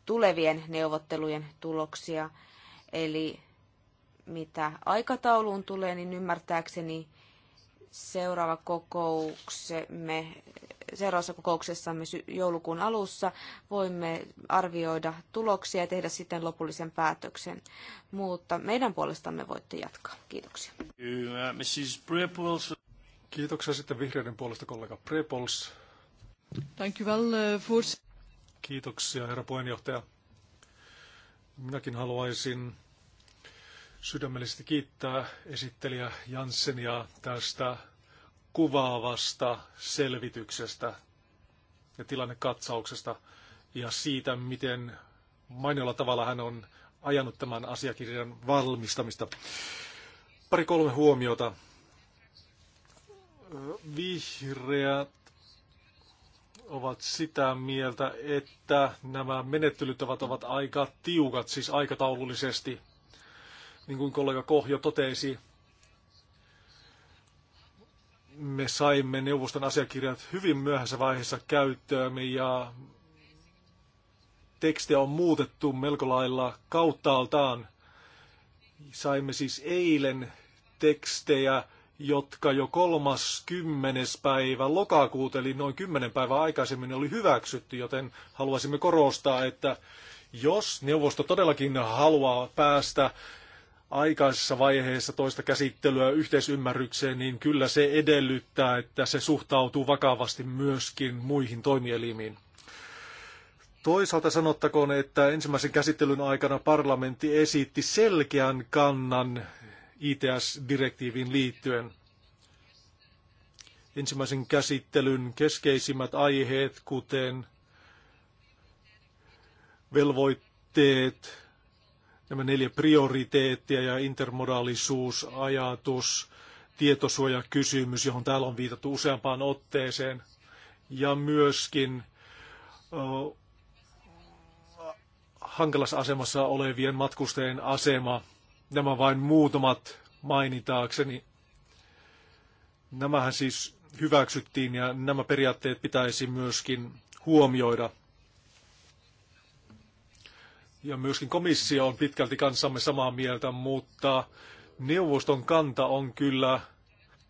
tulevien neuvottelujen tuloksia. Eli mitä aikatauluun tulee, niin ymmärtääkseni seuraava kokouksemme seuraavassa kokouksessamme joulukuun alussa voimme arvioida tuloksia ja tehdä sitten lopullisen päätöksen. Mutta meidän puolestamme voitte jatkaa. Kiitoksia. Kiitoksia sitten vihreiden puolesta kollega Prepols. Thank you uh, Kiitoksia herra puheenjohtaja. Minäkin haluaisin sydämellisesti kiittää esittelijä Janssenia tästä kuvaavasta selvityksestä ja tilannekatsauksesta ja siitä, miten mainiolla tavalla hän on ajanut tämän asiakirjan valmistamista. Pari kolme huomiota. Vihreät ovat sitä mieltä, että nämä menettelytavat ovat aika tiukat, siis aikataulullisesti. Niin kuin kollega Kohjo totesi, me saimme neuvoston asiakirjat hyvin myöhäisessä vaiheessa käyttöömme ja tekstiä on muutettu melko lailla kauttaaltaan. Saimme siis eilen tekstejä, jotka jo 30. päivä lokakuuta, eli noin 10 päivää aikaisemmin, oli hyväksytty, joten haluaisimme korostaa, että jos neuvosto todellakin haluaa päästä aikaisessa vaiheessa toista käsittelyä yhteisymmärrykseen, niin kyllä se edellyttää, että se suhtautuu vakavasti myöskin muihin toimielimiin. Toisaalta sanottakoon, että ensimmäisen käsittelyn aikana parlamentti esitti selkeän kannan ITS-direktiiviin liittyen. Ensimmäisen käsittelyn keskeisimmät aiheet, kuten velvoitteet nämä neljä prioriteettia ja ajatus, tietosuojakysymys, johon täällä on viitattu useampaan otteeseen, ja myöskin uh, hankalassa asemassa olevien matkustajien asema. Nämä vain muutamat mainitaakseni. Nämähän siis hyväksyttiin ja nämä periaatteet pitäisi myöskin huomioida – ja myöskin komissio on pitkälti kanssamme samaa mieltä, mutta neuvoston kanta on kyllä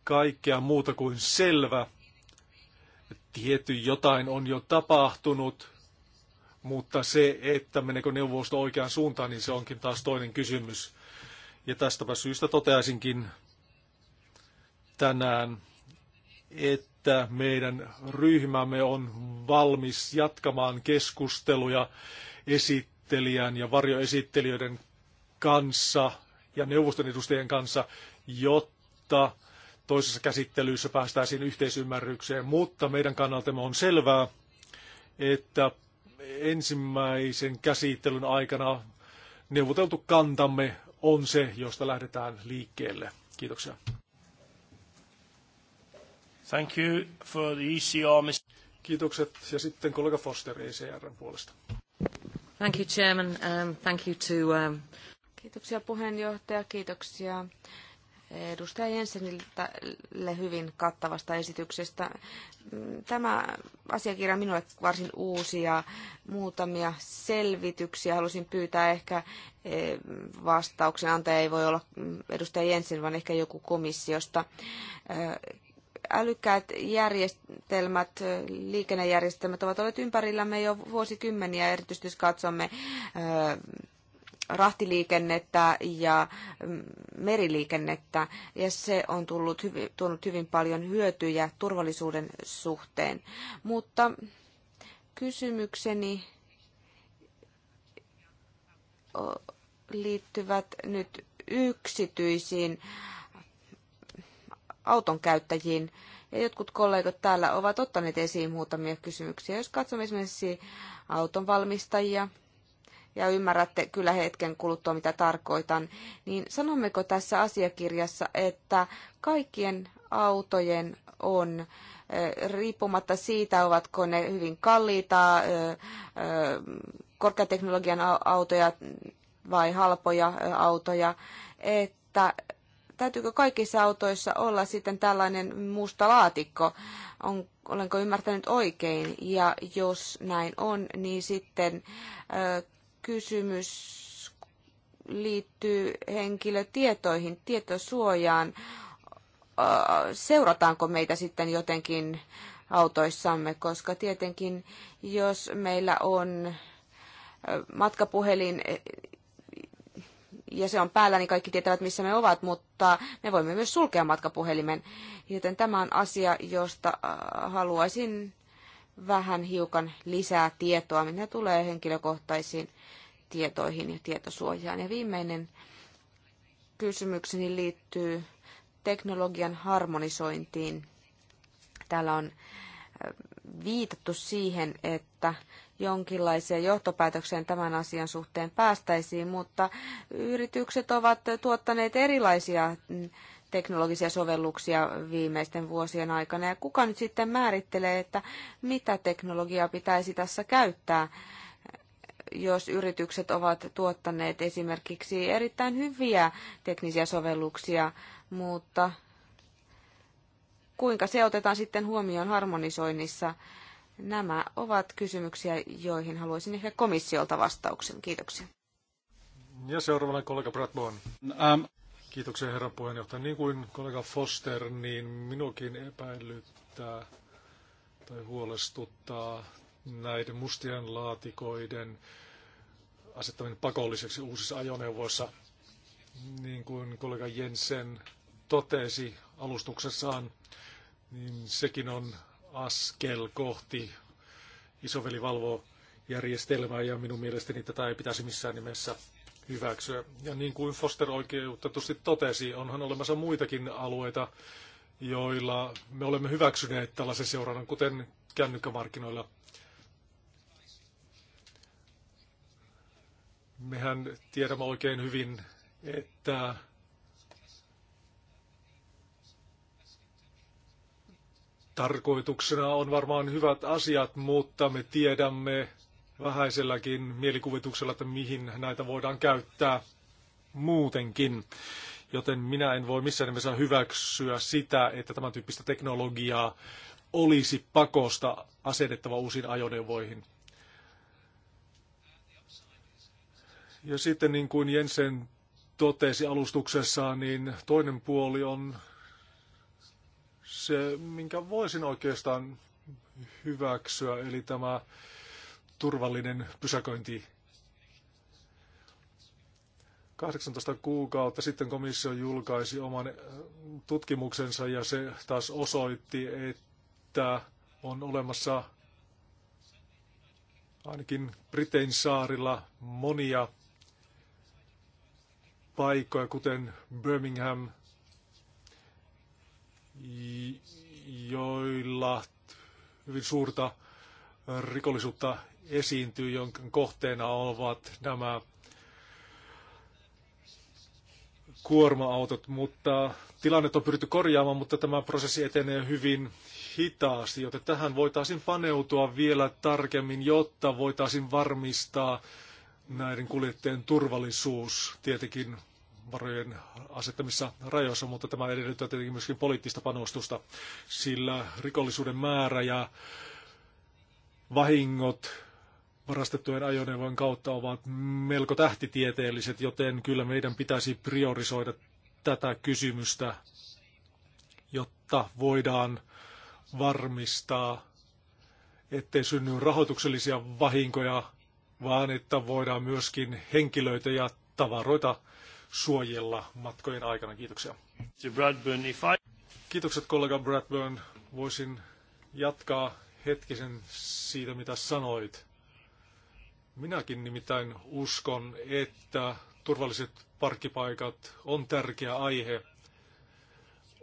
kaikkea muuta kuin selvä. Tietty jotain on jo tapahtunut, mutta se, että menekö neuvosto oikeaan suuntaan, niin se onkin taas toinen kysymys. Ja tästäpä syystä toteaisinkin tänään, että meidän ryhmämme on valmis jatkamaan keskusteluja esittämään esittelijän ja varjoesittelijöiden kanssa ja neuvoston edustajien kanssa, jotta toisessa käsittelyssä päästäisiin yhteisymmärrykseen, mutta meidän kannaltamme on selvää, että ensimmäisen käsittelyn aikana neuvoteltu kantamme on se, josta lähdetään liikkeelle. Kiitoksia. Thank you for the ECR, Kiitokset ja sitten kollega Foster ECRn puolesta. Thank you, Chairman. Um, thank you to, um... Kiitoksia puheenjohtaja, kiitoksia edustaja Jensenille hyvin kattavasta esityksestä. Tämä asiakirja on minulle varsin uusi ja muutamia selvityksiä halusin pyytää ehkä eh, vastauksen. Antaja ei voi olla edustaja Jensen, vaan ehkä joku komissiosta. Eh, älykkäät järjestelmät, liikennejärjestelmät ovat olleet ympärillämme jo vuosikymmeniä, erityisesti jos katsomme rahtiliikennettä ja mm, meriliikennettä, ja se on tullut hyvin, tuonut hyvin paljon hyötyjä turvallisuuden suhteen. Mutta kysymykseni liittyvät nyt yksityisiin äh, auton käyttäjiin. Ja jotkut kollegat täällä ovat ottaneet esiin muutamia kysymyksiä. Jos katsomme esimerkiksi auton valmistajia, ja ymmärrätte kyllä hetken kuluttua, mitä tarkoitan, niin sanommeko tässä asiakirjassa, että kaikkien autojen on riippumatta siitä, ovatko ne hyvin kalliita, korkeateknologian autoja vai halpoja autoja, että täytyykö kaikissa autoissa olla sitten tällainen musta laatikko? On, olenko ymmärtänyt oikein? Ja jos näin on, niin sitten ö, kysymys liittyy henkilötietoihin, tietosuojaan. Ö, seurataanko meitä sitten jotenkin autoissamme, koska tietenkin jos meillä on matkapuhelin ja se on päällä, niin kaikki tietävät, missä me ovat, mutta me voimme myös sulkea matkapuhelimen. Joten tämä on asia, josta äh, haluaisin vähän hiukan lisää tietoa, mitä tulee henkilökohtaisiin tietoihin ja tietosuojaan. Ja viimeinen kysymykseni liittyy teknologian harmonisointiin. Täällä on viitattu siihen, että jonkinlaiseen johtopäätökseen tämän asian suhteen päästäisiin, mutta yritykset ovat tuottaneet erilaisia teknologisia sovelluksia viimeisten vuosien aikana. Ja kuka nyt sitten määrittelee, että mitä teknologiaa pitäisi tässä käyttää, jos yritykset ovat tuottaneet esimerkiksi erittäin hyviä teknisiä sovelluksia, mutta kuinka se otetaan sitten huomioon harmonisoinnissa? Nämä ovat kysymyksiä, joihin haluaisin ehkä komissiolta vastauksen. Kiitoksia. Ja seuraavana kollega Bradborn. Ähm. Kiitoksia herra puheenjohtaja. Niin kuin kollega Foster, niin minunkin epäilyttää tai huolestuttaa näiden mustien laatikoiden asettaminen pakolliseksi uusissa ajoneuvoissa. Niin kuin kollega Jensen totesi alustuksessaan, niin sekin on askel kohti isoveli valvoo järjestelmää ja minun mielestäni tätä ei pitäisi missään nimessä hyväksyä. Ja niin kuin Foster oikeutetusti totesi, onhan olemassa muitakin alueita, joilla me olemme hyväksyneet tällaisen seurannan, kuten kännykkämarkkinoilla. Mehän tiedämme oikein hyvin, että Tarkoituksena on varmaan hyvät asiat, mutta me tiedämme vähäiselläkin mielikuvituksella, että mihin näitä voidaan käyttää muutenkin. Joten minä en voi missään nimessä hyväksyä sitä, että tämän tyyppistä teknologiaa olisi pakosta asetettava uusiin ajoneuvoihin. Ja sitten niin kuin Jensen totesi alustuksessaan, niin toinen puoli on se, minkä voisin oikeastaan hyväksyä, eli tämä turvallinen pysäköinti. 18 kuukautta sitten komissio julkaisi oman äh, tutkimuksensa ja se taas osoitti, että on olemassa ainakin Britein saarilla monia paikkoja, kuten Birmingham, joilla hyvin suurta rikollisuutta esiintyy, jonka kohteena ovat nämä kuorma-autot, mutta tilannet on pyritty korjaamaan, mutta tämä prosessi etenee hyvin hitaasti, joten tähän voitaisiin paneutua vielä tarkemmin, jotta voitaisiin varmistaa näiden kuljettajien turvallisuus tietenkin varojen asettamissa rajoissa, mutta tämä edellyttää tietenkin myöskin poliittista panostusta, sillä rikollisuuden määrä ja vahingot varastettujen ajoneuvojen kautta ovat melko tähtitieteelliset, joten kyllä meidän pitäisi priorisoida tätä kysymystä, jotta voidaan varmistaa, ettei synny rahoituksellisia vahinkoja, vaan että voidaan myöskin henkilöitä ja tavaroita suojella matkojen aikana. Kiitoksia. Bradburn, if I... Kiitokset kollega Bradburn. Voisin jatkaa hetkisen siitä, mitä sanoit. Minäkin nimittäin uskon, että turvalliset parkkipaikat on tärkeä aihe.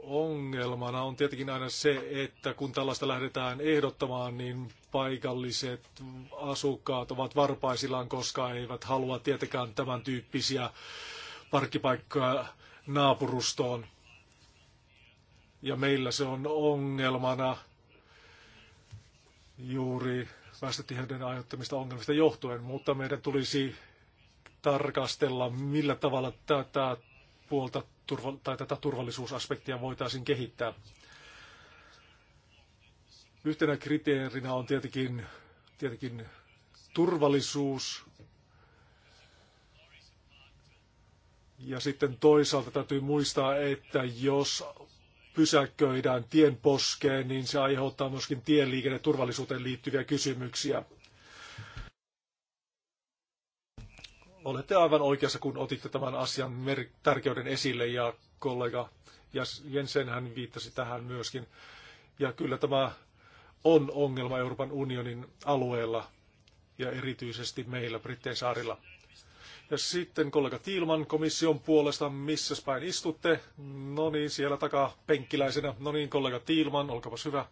Ongelmana on tietenkin aina se, että kun tällaista lähdetään ehdottamaan, niin paikalliset asukkaat ovat varpaisillaan, koska eivät halua tietenkään tämän tyyppisiä parkkipaikkaa naapurustoon. Ja meillä se on ongelmana juuri väestötiheyden aiheuttamista ongelmista johtuen, mutta meidän tulisi tarkastella, millä tavalla tätä puolta tai tätä turvallisuusaspektia voitaisiin kehittää. Yhtenä kriteerinä on tietenkin, tietenkin turvallisuus, Ja sitten toisaalta täytyy muistaa, että jos pysäköidään tien poskeen, niin se aiheuttaa myöskin tieliikenneturvallisuuteen liittyviä kysymyksiä. Olette aivan oikeassa, kun otitte tämän asian mer- tärkeyden esille ja kollega Jensen hän viittasi tähän myöskin. Ja kyllä tämä on ongelma Euroopan unionin alueella ja erityisesti meillä Brittein saarilla. Ja sitten kollega Tiilman komission puolesta, missä päin istutte? No niin, siellä takaa penkkiläisenä. No niin, kollega Tiilman, olkapas hyvä.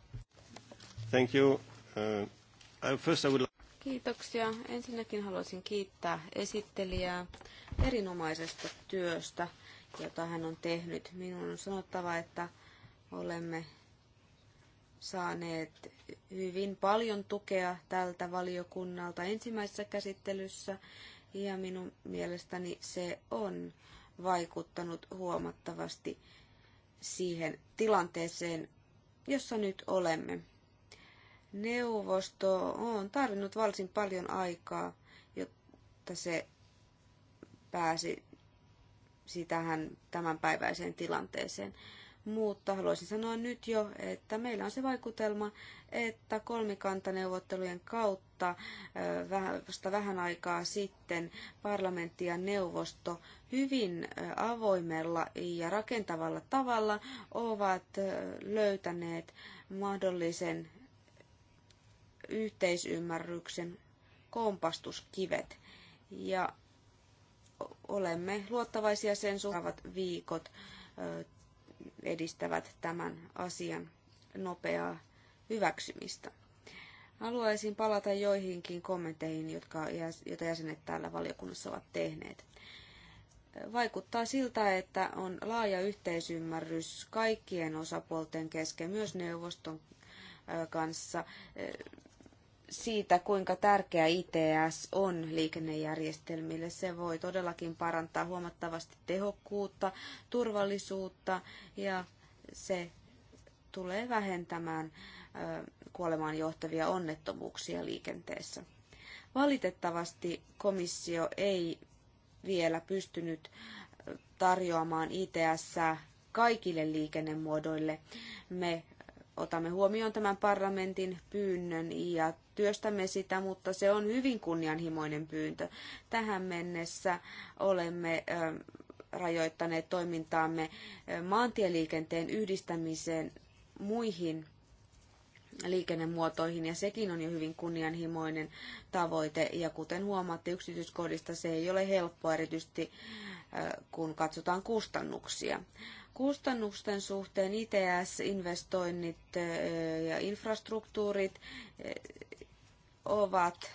Thank you. Uh, first I would... Kiitoksia. Ensinnäkin haluaisin kiittää esittelijää erinomaisesta työstä, jota hän on tehnyt. Minun on sanottava, että olemme saaneet hyvin paljon tukea tältä valiokunnalta ensimmäisessä käsittelyssä ja minun mielestäni se on vaikuttanut huomattavasti siihen tilanteeseen, jossa nyt olemme. Neuvosto on tarvinnut varsin paljon aikaa, jotta se pääsi sitähän tämänpäiväiseen tilanteeseen mutta haluaisin sanoa nyt jo, että meillä on se vaikutelma, että kolmikantaneuvottelujen kautta vasta vähän aikaa sitten parlamentti ja neuvosto hyvin avoimella ja rakentavalla tavalla ovat löytäneet mahdollisen yhteisymmärryksen kompastuskivet. Ja olemme luottavaisia sen suhtavat viikot edistävät tämän asian nopeaa hyväksymistä. Haluaisin palata joihinkin kommentteihin, jotka, joita jäsenet täällä valiokunnassa ovat tehneet. Vaikuttaa siltä, että on laaja yhteisymmärrys kaikkien osapuolten kesken, myös neuvoston kanssa siitä, kuinka tärkeä ITS on liikennejärjestelmille. Se voi todellakin parantaa huomattavasti tehokkuutta, turvallisuutta ja se tulee vähentämään kuolemaan johtavia onnettomuuksia liikenteessä. Valitettavasti komissio ei vielä pystynyt tarjoamaan ITS kaikille liikennemuodoille. Me otamme huomioon tämän parlamentin pyynnön ja työstämme sitä, mutta se on hyvin kunnianhimoinen pyyntö. Tähän mennessä olemme rajoittaneet toimintaamme maantieliikenteen yhdistämiseen muihin liikennemuotoihin, ja sekin on jo hyvin kunnianhimoinen tavoite, ja kuten huomaatte yksityiskohdista, se ei ole helppoa, erityisesti kun katsotaan kustannuksia. Kustannusten suhteen ITS-investoinnit eh, ja infrastruktuurit eh, ovat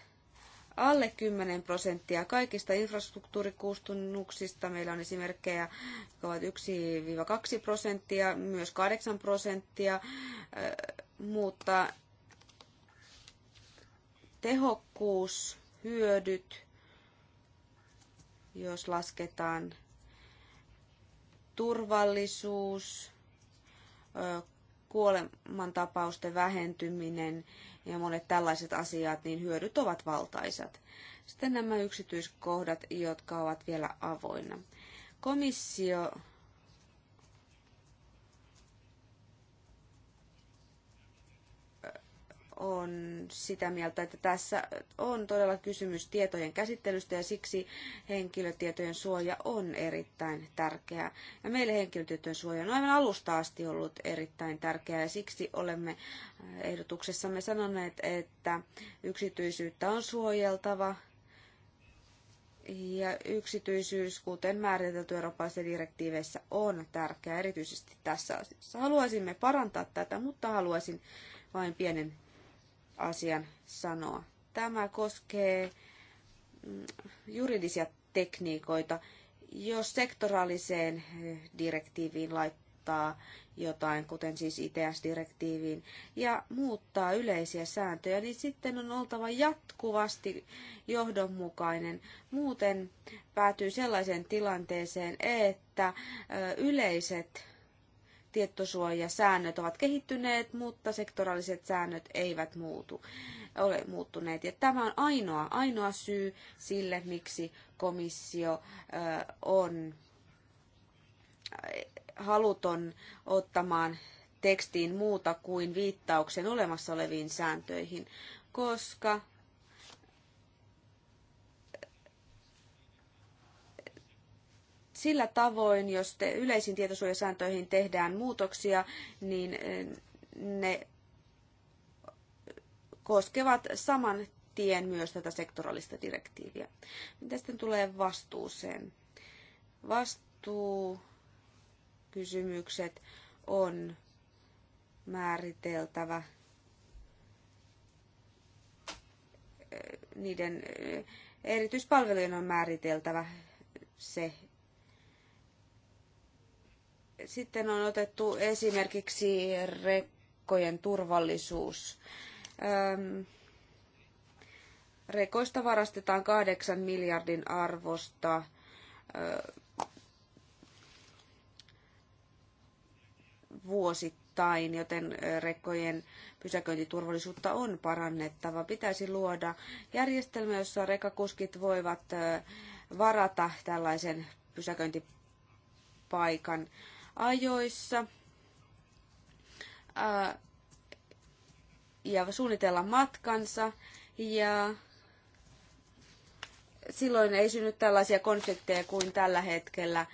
alle 10 prosenttia kaikista infrastruktuurikustannuksista. Meillä on esimerkkejä, jotka ovat 1-2 prosenttia, myös 8 prosenttia, eh, mutta tehokkuus, hyödyt, jos lasketaan turvallisuus, kuolemantapausten vähentyminen ja monet tällaiset asiat, niin hyödyt ovat valtaisat. Sitten nämä yksityiskohdat, jotka ovat vielä avoinna. Komissio on sitä mieltä, että tässä on todella kysymys tietojen käsittelystä ja siksi henkilötietojen suoja on erittäin tärkeää. Ja meille henkilötietojen suoja on aivan alusta asti ollut erittäin tärkeää ja siksi olemme ehdotuksessamme sanoneet, että yksityisyyttä on suojeltava ja yksityisyys, kuten määritelty eurooppalaisissa direktiiveissä, on tärkeää erityisesti tässä asiassa. Haluaisimme parantaa tätä, mutta haluaisin vain pienen asian sanoa. Tämä koskee mm, juridisia tekniikoita. Jos sektoraaliseen eh, direktiiviin laittaa jotain, kuten siis ITS-direktiiviin, ja muuttaa yleisiä sääntöjä, niin sitten on oltava jatkuvasti johdonmukainen. Muuten päätyy sellaiseen tilanteeseen, että eh, yleiset tietosuojasäännöt ovat kehittyneet, mutta sektoraaliset säännöt eivät muutu, ole muuttuneet. Ja tämä on ainoa, ainoa syy sille, miksi komissio on haluton ottamaan tekstiin muuta kuin viittauksen olemassa oleviin sääntöihin, koska Sillä tavoin, jos te yleisiin tietosuojasääntöihin tehdään muutoksia, niin eh, ne koskevat saman tien myös tätä sektoraalista direktiiviä. Mitä sitten tulee vastuuseen? Vastuukysymykset on määriteltävä eh, niiden eh, erityispalvelujen on määriteltävä se, sitten on otettu esimerkiksi rekkojen turvallisuus. Rekoista varastetaan kahdeksan miljardin arvosta vuosittain, joten rekkojen pysäköintiturvallisuutta on parannettava. Pitäisi luoda järjestelmä, jossa rekakuskit voivat varata tällaisen pysäköintipaikan ajoissa ja suunnitella matkansa ja silloin ei synny tällaisia konflikteja kuin tällä hetkellä,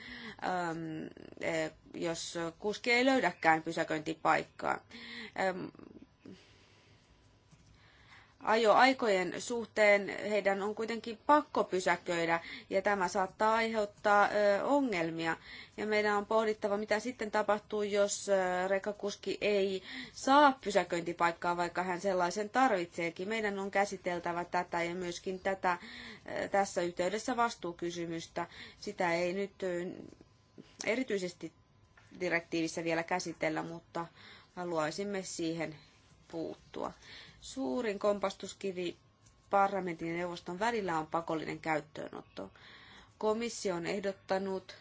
jos kuski ei löydäkään pysäköintipaikkaa ajoaikojen suhteen heidän on kuitenkin pakko pysäköidä ja tämä saattaa aiheuttaa ongelmia. Ja meidän on pohdittava, mitä sitten tapahtuu, jos rekakuski ei saa pysäköintipaikkaa, vaikka hän sellaisen tarvitseekin. Meidän on käsiteltävä tätä ja myöskin tätä, tässä yhteydessä vastuukysymystä. Sitä ei nyt erityisesti direktiivissä vielä käsitellä, mutta haluaisimme siihen puuttua. Suurin kompastuskivi parlamentin ja neuvoston välillä on pakollinen käyttöönotto. Komissio on ehdottanut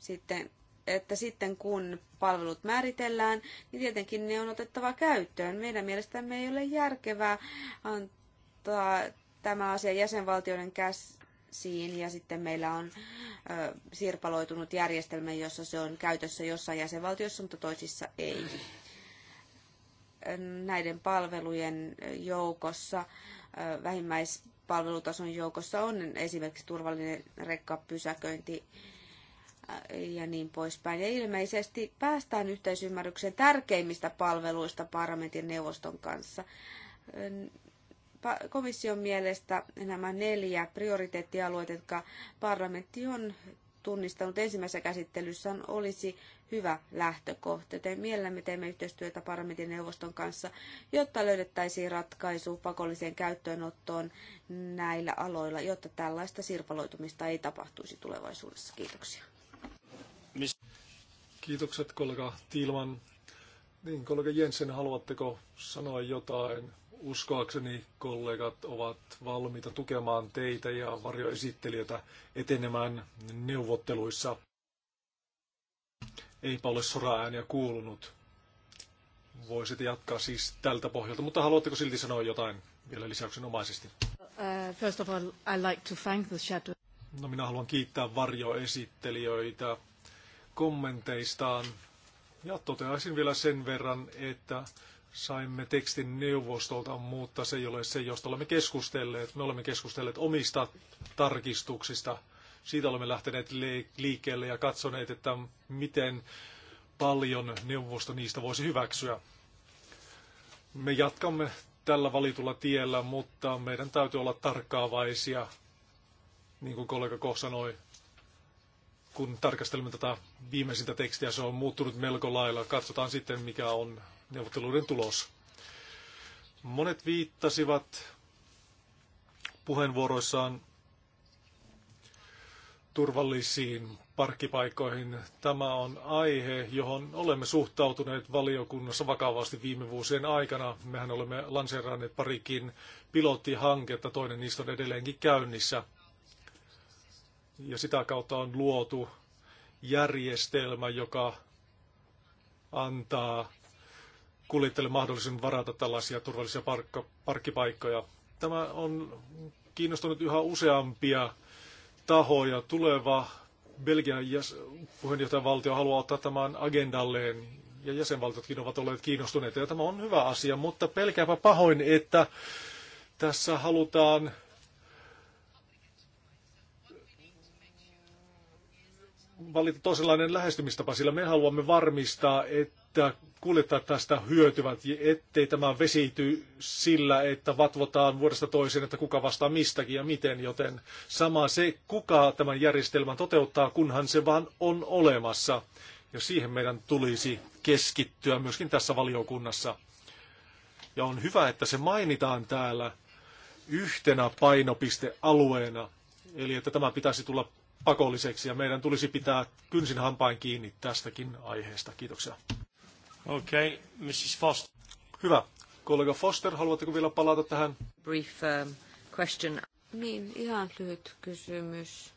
sitten että sitten kun palvelut määritellään, niin tietenkin ne on otettava käyttöön. Meidän mielestämme ei ole järkevää antaa tämä asia jäsenvaltioiden käsiin ja sitten meillä on ö, sirpaloitunut järjestelmä, jossa se on käytössä jossain jäsenvaltiossa, mutta toisissa ei näiden palvelujen joukossa, vähimmäispalvelutason joukossa on esimerkiksi turvallinen rekkapysäköinti ja niin poispäin. Ja ilmeisesti päästään yhteisymmärrykseen tärkeimmistä palveluista parlamentin neuvoston kanssa. Komission mielestä nämä neljä prioriteettialueet, jotka parlamentti on tunnistanut ensimmäisessä käsittelyssä, olisi hyvä lähtökohta. Joten mielellämme teemme yhteistyötä parlamentin neuvoston kanssa, jotta löydettäisiin ratkaisu pakolliseen käyttöönottoon näillä aloilla, jotta tällaista sirpaloitumista ei tapahtuisi tulevaisuudessa. Kiitoksia. Kiitokset kollega Tilman. Niin, kollega Jensen, haluatteko sanoa jotain? uskoakseni kollegat ovat valmiita tukemaan teitä ja varjoesittelijöitä etenemään neuvotteluissa. Eipä ole soraääniä kuulunut. Voisit jatkaa siis tältä pohjalta, mutta haluatteko silti sanoa jotain vielä lisäyksenomaisesti? Uh, first of all, I like to thank the shadow. No minä haluan kiittää varjoesittelijöitä kommenteistaan ja toteaisin vielä sen verran, että Saimme tekstin neuvostolta, mutta se ei ole se, josta olemme keskustelleet. Me olemme keskustelleet omista tarkistuksista. Siitä olemme lähteneet liikkeelle ja katsoneet, että miten paljon neuvosto niistä voisi hyväksyä. Me jatkamme tällä valitulla tiellä, mutta meidän täytyy olla tarkkaavaisia, niin kuin kollega Koh sanoi, kun tarkastelemme tätä viimeisintä tekstiä, se on muuttunut melko lailla. Katsotaan sitten, mikä on neuvotteluiden tulos. Monet viittasivat puheenvuoroissaan turvallisiin parkkipaikoihin. Tämä on aihe, johon olemme suhtautuneet valiokunnassa vakavasti viime vuosien aikana. Mehän olemme lanseeranneet parikin pilottihanketta, toinen niistä on edelleenkin käynnissä. Ja sitä kautta on luotu järjestelmä, joka antaa kuljettajille mahdollisuuden varata tällaisia turvallisia parkka, parkkipaikkoja. Tämä on kiinnostunut yhä useampia tahoja. Tuleva Belgian jäs- puheenjohtajavaltio haluaa ottaa tämän agendalleen ja jäsenvaltiotkin ovat olleet kiinnostuneita ja tämä on hyvä asia, mutta pelkääpä pahoin, että tässä halutaan valita toisenlainen lähestymistapa, sillä me haluamme varmistaa, että kuljettajat tästä hyötyvät, ettei tämä vesity sillä, että vatvotaan vuodesta toiseen, että kuka vastaa mistäkin ja miten, joten sama se, kuka tämän järjestelmän toteuttaa, kunhan se vaan on olemassa. Ja siihen meidän tulisi keskittyä myöskin tässä valiokunnassa. Ja on hyvä, että se mainitaan täällä yhtenä painopistealueena, eli että tämä pitäisi tulla pakolliseksi ja meidän tulisi pitää kynsin hampain kiinni tästäkin aiheesta. Kiitoksia. Okei, okay, Mrs. Foster. Hyvä. Kollega Foster, haluatteko vielä palata tähän? Brief um, question. Niin, ihan lyhyt kysymys.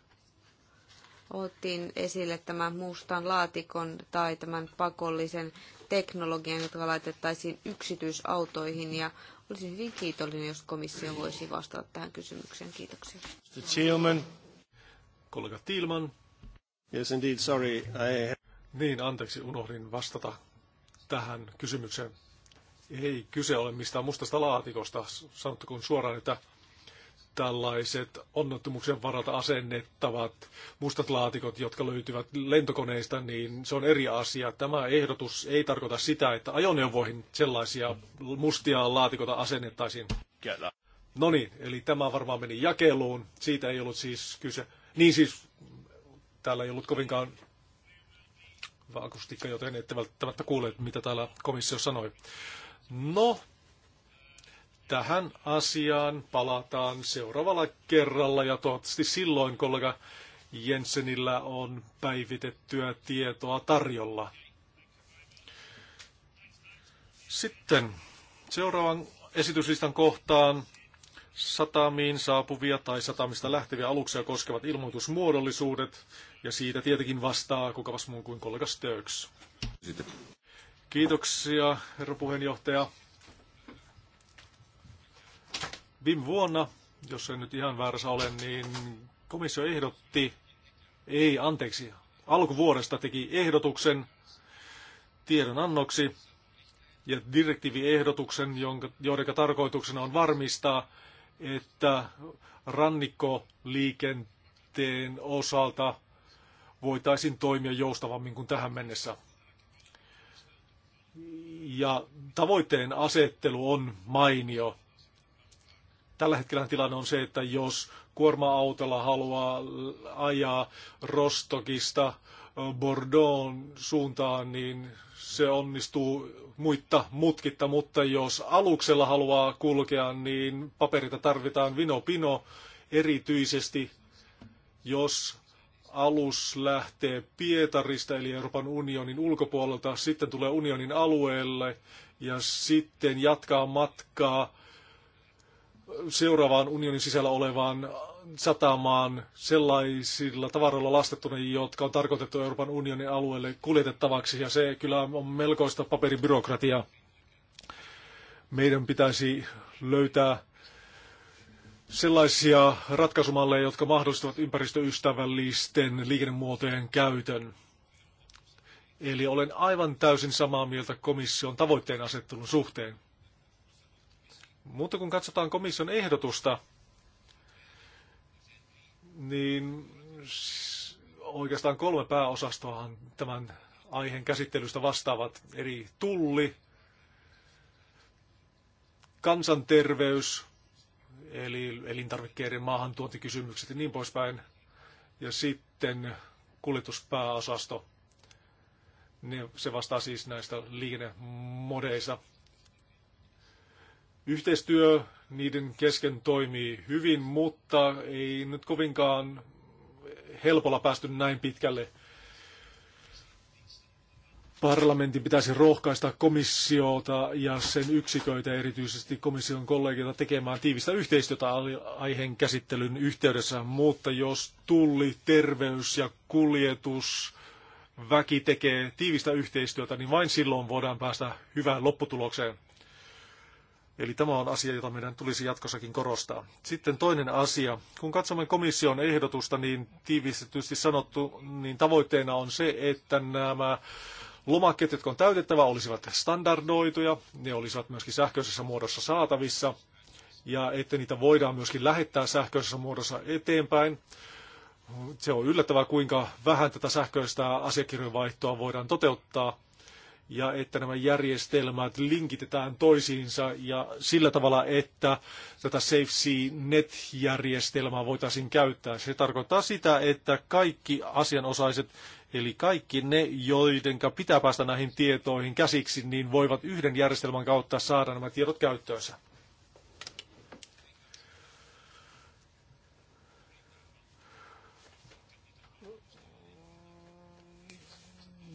Otin esille tämän mustan laatikon tai tämän pakollisen teknologian, jota laitettaisiin yksityisautoihin ja olisin hyvin kiitollinen, jos komissio voisi vastata tähän kysymykseen. Kiitoksia. Mr. Chairman. Kollega Tilman. Yes, indeed, sorry. I... Niin, anteeksi, unohdin vastata tähän kysymykseen. Ei kyse ole mistään mustasta laatikosta, sanottakoon suoraan, että tällaiset onnettomuuksien varalta asennettavat mustat laatikot, jotka löytyvät lentokoneista, niin se on eri asia. Tämä ehdotus ei tarkoita sitä, että ajoneuvoihin sellaisia mustia laatikota asennettaisiin. No niin, eli tämä varmaan meni jakeluun. Siitä ei ollut siis kyse. Niin siis, täällä ei ollut kovinkaan akustiikka, joten ette välttämättä kuule, mitä täällä komissio sanoi. No, tähän asiaan palataan seuraavalla kerralla ja toivottavasti silloin kollega Jensenillä on päivitettyä tietoa tarjolla. Sitten seuraavan esityslistan kohtaan satamiin saapuvia tai satamista lähteviä aluksia koskevat ilmoitusmuodollisuudet, ja siitä tietenkin vastaa kukapas muun kuin kollega Stöks. Sitten. Kiitoksia, herra puheenjohtaja. Viime vuonna, jos en nyt ihan väärässä ole, niin komissio ehdotti, ei anteeksi, alkuvuodesta teki ehdotuksen tiedonannoksi ja direktiiviehdotuksen, jonka, joiden tarkoituksena on varmistaa, että rannikkoliikenteen osalta voitaisiin toimia joustavammin kuin tähän mennessä. Ja tavoitteen asettelu on mainio. Tällä hetkellä tilanne on se, että jos kuorma-autolla haluaa ajaa Rostokista Bordeauxn suuntaan, niin se onnistuu muitta mutkitta, mutta jos aluksella haluaa kulkea, niin paperita tarvitaan vino pino, erityisesti jos alus lähtee Pietarista eli Euroopan unionin ulkopuolelta, sitten tulee unionin alueelle ja sitten jatkaa matkaa seuraavaan unionin sisällä olevaan satamaan sellaisilla tavaroilla lastettuna, jotka on tarkoitettu Euroopan unionin alueelle kuljetettavaksi, ja se kyllä on melkoista paperibyrokratiaa. Meidän pitäisi löytää sellaisia ratkaisumalleja, jotka mahdollistavat ympäristöystävällisten liikennemuotojen käytön. Eli olen aivan täysin samaa mieltä komission tavoitteen asettelun suhteen. Mutta kun katsotaan komission ehdotusta, niin oikeastaan kolme pääosastoahan tämän aiheen käsittelystä vastaavat, eri tulli, kansanterveys, eli elintarvikkeiden maahantuontikysymykset ja niin poispäin, ja sitten kuljetuspääosasto, Niin se vastaa siis näistä liikennemodeista – Yhteistyö niiden kesken toimii hyvin, mutta ei nyt kovinkaan helpolla päästy näin pitkälle. Parlamentin pitäisi rohkaista komissiota ja sen yksiköitä, erityisesti komission kollegiota, tekemään tiivistä yhteistyötä aiheen käsittelyn yhteydessä, mutta jos tulli, terveys ja kuljetus väki tekee tiivistä yhteistyötä, niin vain silloin voidaan päästä hyvään lopputulokseen. Eli tämä on asia, jota meidän tulisi jatkossakin korostaa. Sitten toinen asia. Kun katsomme komission ehdotusta, niin tiivistetysti sanottu, niin tavoitteena on se, että nämä lomakkeet, jotka on täytettävä, olisivat standardoituja, ne olisivat myöskin sähköisessä muodossa saatavissa, ja että niitä voidaan myöskin lähettää sähköisessä muodossa eteenpäin. Se on yllättävää, kuinka vähän tätä sähköistä asiakirjojen vaihtoa voidaan toteuttaa, ja että nämä järjestelmät linkitetään toisiinsa ja sillä tavalla, että tätä SafeSea-net-järjestelmää voitaisiin käyttää. Se tarkoittaa sitä, että kaikki asianosaiset, eli kaikki ne, joiden pitää päästä näihin tietoihin käsiksi, niin voivat yhden järjestelmän kautta saada nämä tiedot käyttöönsä.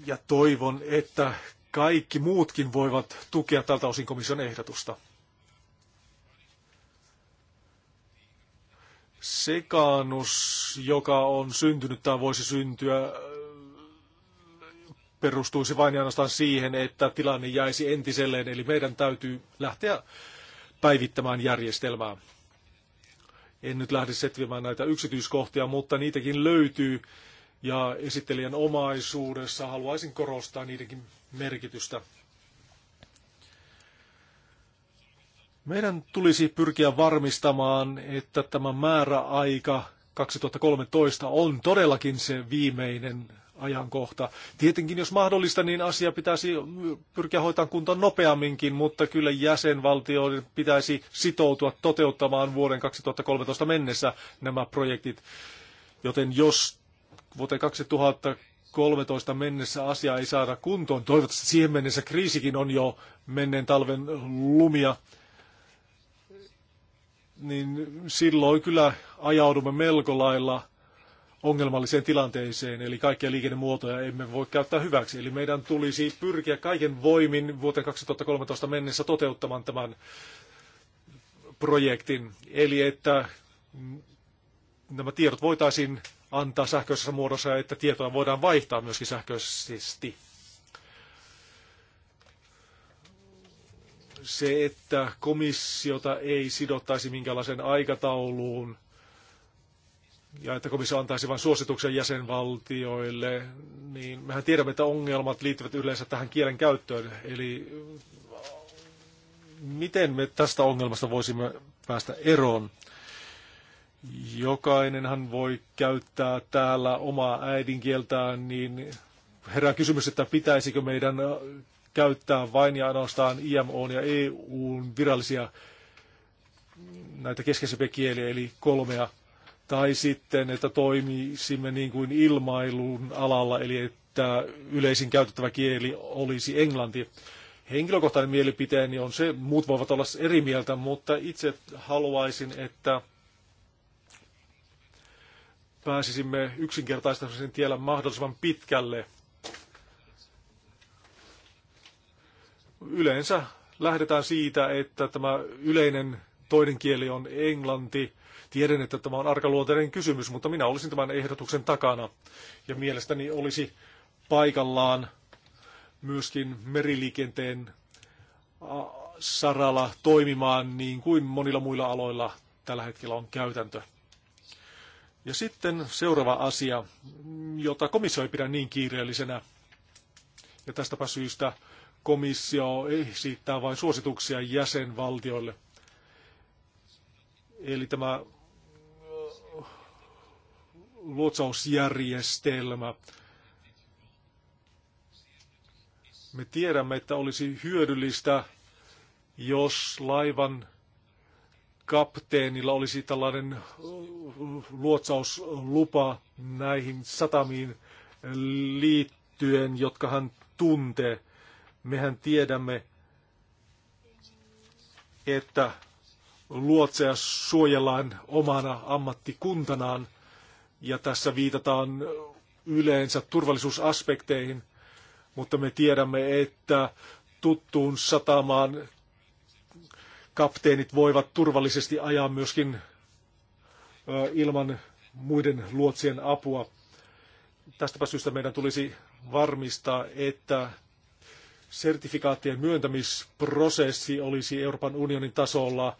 ja toivon, että kaikki muutkin voivat tukea tältä osin komission ehdotusta. Sekaannus, joka on syntynyt tai voisi syntyä, perustuisi vain ja ainoastaan siihen, että tilanne jäisi entiselleen, eli meidän täytyy lähteä päivittämään järjestelmää. En nyt lähde setvimään näitä yksityiskohtia, mutta niitäkin löytyy ja esittelijän omaisuudessa haluaisin korostaa niidenkin merkitystä. Meidän tulisi pyrkiä varmistamaan, että tämä määräaika 2013 on todellakin se viimeinen ajankohta. Tietenkin, jos mahdollista, niin asia pitäisi pyrkiä hoitamaan kuntoon nopeamminkin, mutta kyllä jäsenvaltioiden pitäisi sitoutua toteuttamaan vuoden 2013 mennessä nämä projektit. Joten jos Vuoteen 2013 mennessä asia ei saada kuntoon. Toivottavasti siihen mennessä kriisikin on jo menneen talven lumia. Niin silloin kyllä ajaudumme melko lailla ongelmalliseen tilanteeseen, eli kaikkia liikennemuotoja emme voi käyttää hyväksi. Eli meidän tulisi pyrkiä kaiken voimin vuoteen 2013 mennessä toteuttamaan tämän projektin, eli että nämä tiedot voitaisiin antaa sähköisessä muodossa ja että tietoa voidaan vaihtaa myöskin sähköisesti. Se, että komissiota ei sidottaisi minkälaisen aikatauluun ja että komissio antaisi vain suosituksen jäsenvaltioille, niin mehän tiedämme, että ongelmat liittyvät yleensä tähän kielen käyttöön. Eli äh, miten me tästä ongelmasta voisimme päästä eroon? Jokainenhan voi käyttää täällä omaa äidinkieltään, niin herää kysymys, että pitäisikö meidän käyttää vain ja ainoastaan IMO ja EUn virallisia näitä keskeisempiä kieliä, eli kolmea, tai sitten, että toimisimme niin kuin ilmailun alalla, eli että yleisin käytettävä kieli olisi englanti. Henkilökohtainen mielipiteeni on se, muut voivat olla eri mieltä, mutta itse haluaisin, että pääsisimme yksinkertaistamisen tiellä mahdollisimman pitkälle. Yleensä lähdetään siitä, että tämä yleinen toinen kieli on englanti. Tiedän, että tämä on arkaluonteinen kysymys, mutta minä olisin tämän ehdotuksen takana. Ja mielestäni olisi paikallaan myöskin meriliikenteen saralla toimimaan niin kuin monilla muilla aloilla tällä hetkellä on käytäntö. Ja sitten seuraava asia, jota komissio ei pidä niin kiireellisenä. Ja tästäpä syystä komissio esittää vain suosituksia jäsenvaltioille. Eli tämä luotsausjärjestelmä. Me tiedämme, että olisi hyödyllistä, jos laivan kapteenilla olisi tällainen luotsauslupa näihin satamiin liittyen, jotka hän tuntee. Mehän tiedämme, että luotseja suojellaan omana ammattikuntanaan, ja tässä viitataan yleensä turvallisuusaspekteihin, mutta me tiedämme, että tuttuun satamaan kapteenit voivat turvallisesti ajaa myöskin ilman muiden luotsien apua. Tästäpä syystä meidän tulisi varmistaa, että sertifikaattien myöntämisprosessi olisi Euroopan unionin tasolla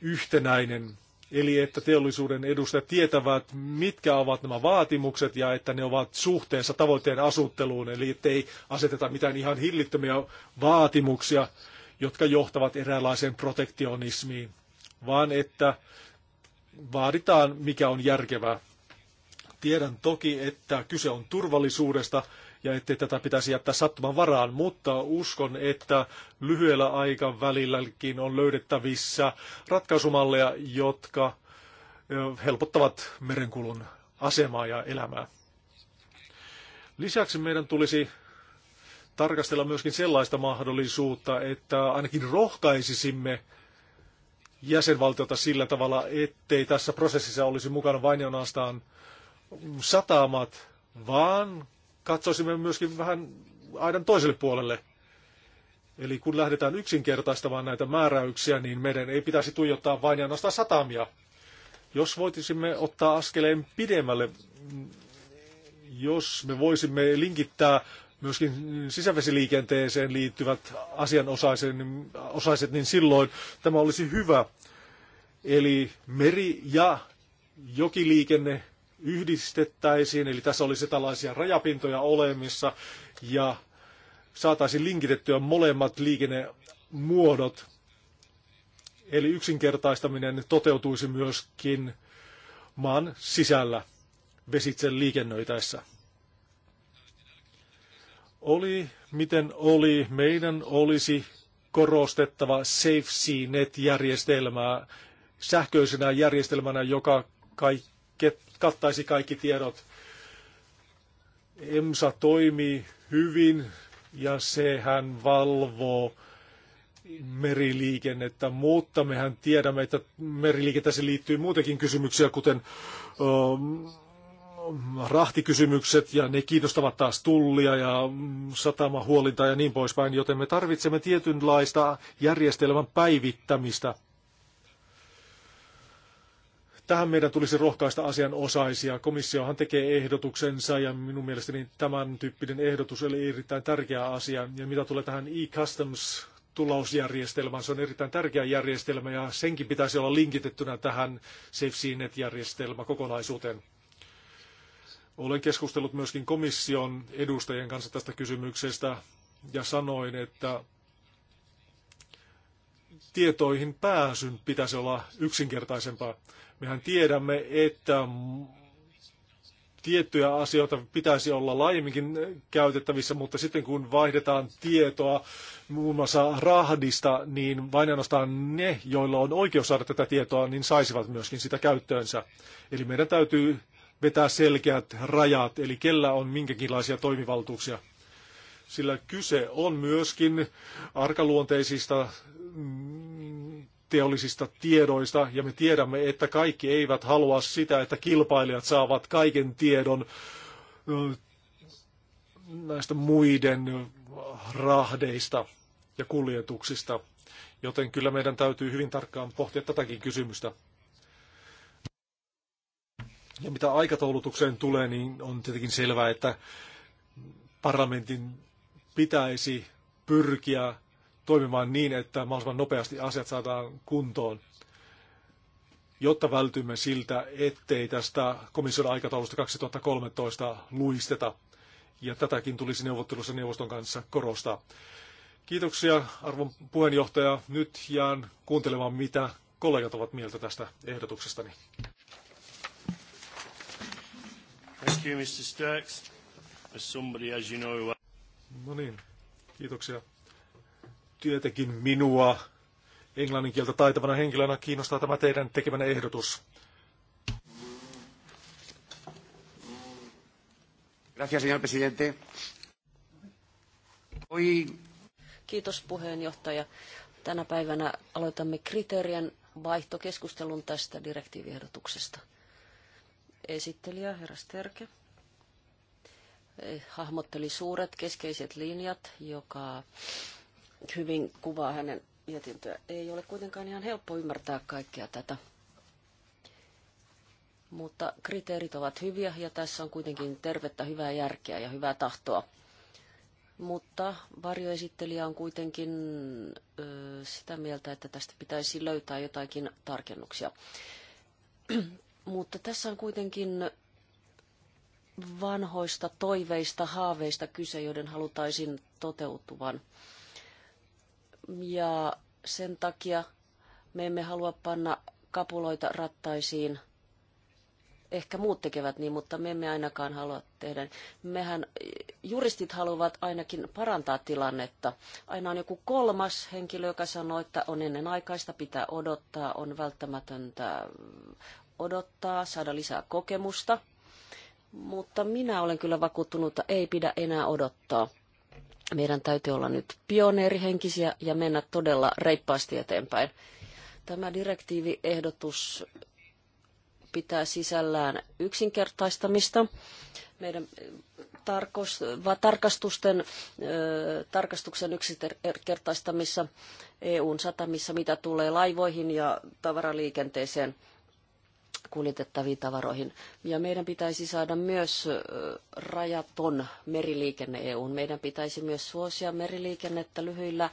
yhtenäinen. Eli että teollisuuden edustajat tietävät, mitkä ovat nämä vaatimukset ja että ne ovat suhteessa tavoitteen asutteluun. Eli ettei aseteta mitään ihan hillittömiä vaatimuksia, jotka johtavat eräänlaiseen protektionismiin, vaan että vaaditaan mikä on järkevää. Tiedän toki, että kyse on turvallisuudesta ja ettei tätä pitäisi jättää sattuman varaan, mutta uskon, että lyhyellä aikavälilläkin on löydettävissä ratkaisumalleja, jotka helpottavat merenkulun asemaa ja elämää. Lisäksi meidän tulisi tarkastella myöskin sellaista mahdollisuutta, että ainakin rohkaisisimme jäsenvaltiota sillä tavalla, ettei tässä prosessissa olisi mukana vain ja ainoastaan satamat, vaan katsoisimme myöskin vähän aidan toiselle puolelle. Eli kun lähdetään yksinkertaistamaan näitä määräyksiä, niin meidän ei pitäisi tuijottaa vain ja ainoastaan satamia. Jos voitisimme ottaa askeleen pidemmälle, jos me voisimme linkittää myöskin sisävesiliikenteeseen liittyvät asianosaiset, niin silloin tämä olisi hyvä. Eli meri- ja jokiliikenne yhdistettäisiin, eli tässä olisi tällaisia rajapintoja olemissa ja saataisiin linkitettyä molemmat liikennemuodot. Eli yksinkertaistaminen toteutuisi myöskin maan sisällä vesitse liikennöitäessä. Oli miten oli, meidän olisi korostettava net järjestelmää sähköisenä järjestelmänä, joka kaikke, kattaisi kaikki tiedot. EMSA toimii hyvin ja sehän valvoo meriliikennettä, mutta mehän tiedämme, että meriliikenteeseen liittyy muitakin kysymyksiä, kuten um, rahtikysymykset ja ne kiinnostavat taas tullia ja satamahuolintaa ja niin poispäin, joten me tarvitsemme tietynlaista järjestelmän päivittämistä. Tähän meidän tulisi rohkaista asianosaisia. Komissiohan tekee ehdotuksensa ja minun mielestäni tämän tyyppinen ehdotus oli erittäin tärkeä asia. Ja mitä tulee tähän e-customs tullausjärjestelmään, Se on erittäin tärkeä järjestelmä ja senkin pitäisi olla linkitettynä tähän SafeCNet-järjestelmäkokonaisuuteen. kokonaisuuteen. Olen keskustellut myöskin komission edustajien kanssa tästä kysymyksestä ja sanoin, että tietoihin pääsyn pitäisi olla yksinkertaisempaa. Mehän tiedämme, että tiettyjä asioita pitäisi olla laajemminkin käytettävissä, mutta sitten kun vaihdetaan tietoa muun muassa rahdista, niin vain ainoastaan ne, joilla on oikeus saada tätä tietoa, niin saisivat myöskin sitä käyttöönsä. Eli meidän täytyy vetää selkeät rajat, eli kellä on minkäkinlaisia toimivaltuuksia. Sillä kyse on myöskin arkaluonteisista mm, teollisista tiedoista, ja me tiedämme, että kaikki eivät halua sitä, että kilpailijat saavat kaiken tiedon mm, näistä muiden rahdeista ja kuljetuksista. Joten kyllä meidän täytyy hyvin tarkkaan pohtia tätäkin kysymystä. Ja mitä aikataulutukseen tulee, niin on tietenkin selvää, että parlamentin pitäisi pyrkiä toimimaan niin, että mahdollisimman nopeasti asiat saadaan kuntoon, jotta vältymme siltä, ettei tästä komission aikataulusta 2013 luisteta. Ja tätäkin tulisi neuvottelussa neuvoston kanssa korostaa. Kiitoksia arvon puheenjohtaja. Nyt jään kuuntelemaan, mitä kollegat ovat mieltä tästä ehdotuksestani. you, Mr. Sturks. As somebody, as you know... Uh, no niin, kiitoksia. Tietenkin minua englannin kieltä taitavana henkilönä kiinnostaa tämä teidän tekemänne ehdotus. Gracias, señor presidente. Hoy... Kiitos puheenjohtaja. Tänä päivänä aloitamme kriteerien vaihtokeskustelun tästä direktiiviehdotuksesta esittelijä, herra Sterke, eh, hahmotteli suuret keskeiset linjat, joka hyvin kuvaa hänen mietintöä. Ei ole kuitenkaan ihan helppo ymmärtää kaikkea tätä. Mutta kriteerit ovat hyviä ja tässä on kuitenkin tervettä hyvää järkeä ja hyvää tahtoa. Mutta varjoesittelijä on kuitenkin ö, sitä mieltä, että tästä pitäisi löytää jotakin tarkennuksia. Mutta tässä on kuitenkin vanhoista toiveista, haaveista kyse, joiden halutaisin toteutuvan. Ja sen takia me emme halua panna kapuloita rattaisiin. Ehkä muut tekevät niin, mutta me emme ainakaan halua tehdä. Mehän juristit haluavat ainakin parantaa tilannetta. Aina on joku kolmas henkilö, joka sanoo, että on ennen aikaista, pitää odottaa, on välttämätöntä odottaa, saada lisää kokemusta. Mutta minä olen kyllä vakuuttunut, että ei pidä enää odottaa. Meidän täytyy olla nyt pioneerihenkisiä ja mennä todella reippaasti eteenpäin. Tämä direktiiviehdotus pitää sisällään yksinkertaistamista. Meidän tarkastusten, tarkastuksen yksinkertaistamissa EUn satamissa, mitä tulee laivoihin ja tavaraliikenteeseen – kuljetettaviin tavaroihin. Ja meidän pitäisi saada myös rajaton meriliikenne EUn. Meidän pitäisi myös suosia meriliikennettä lyhyillä,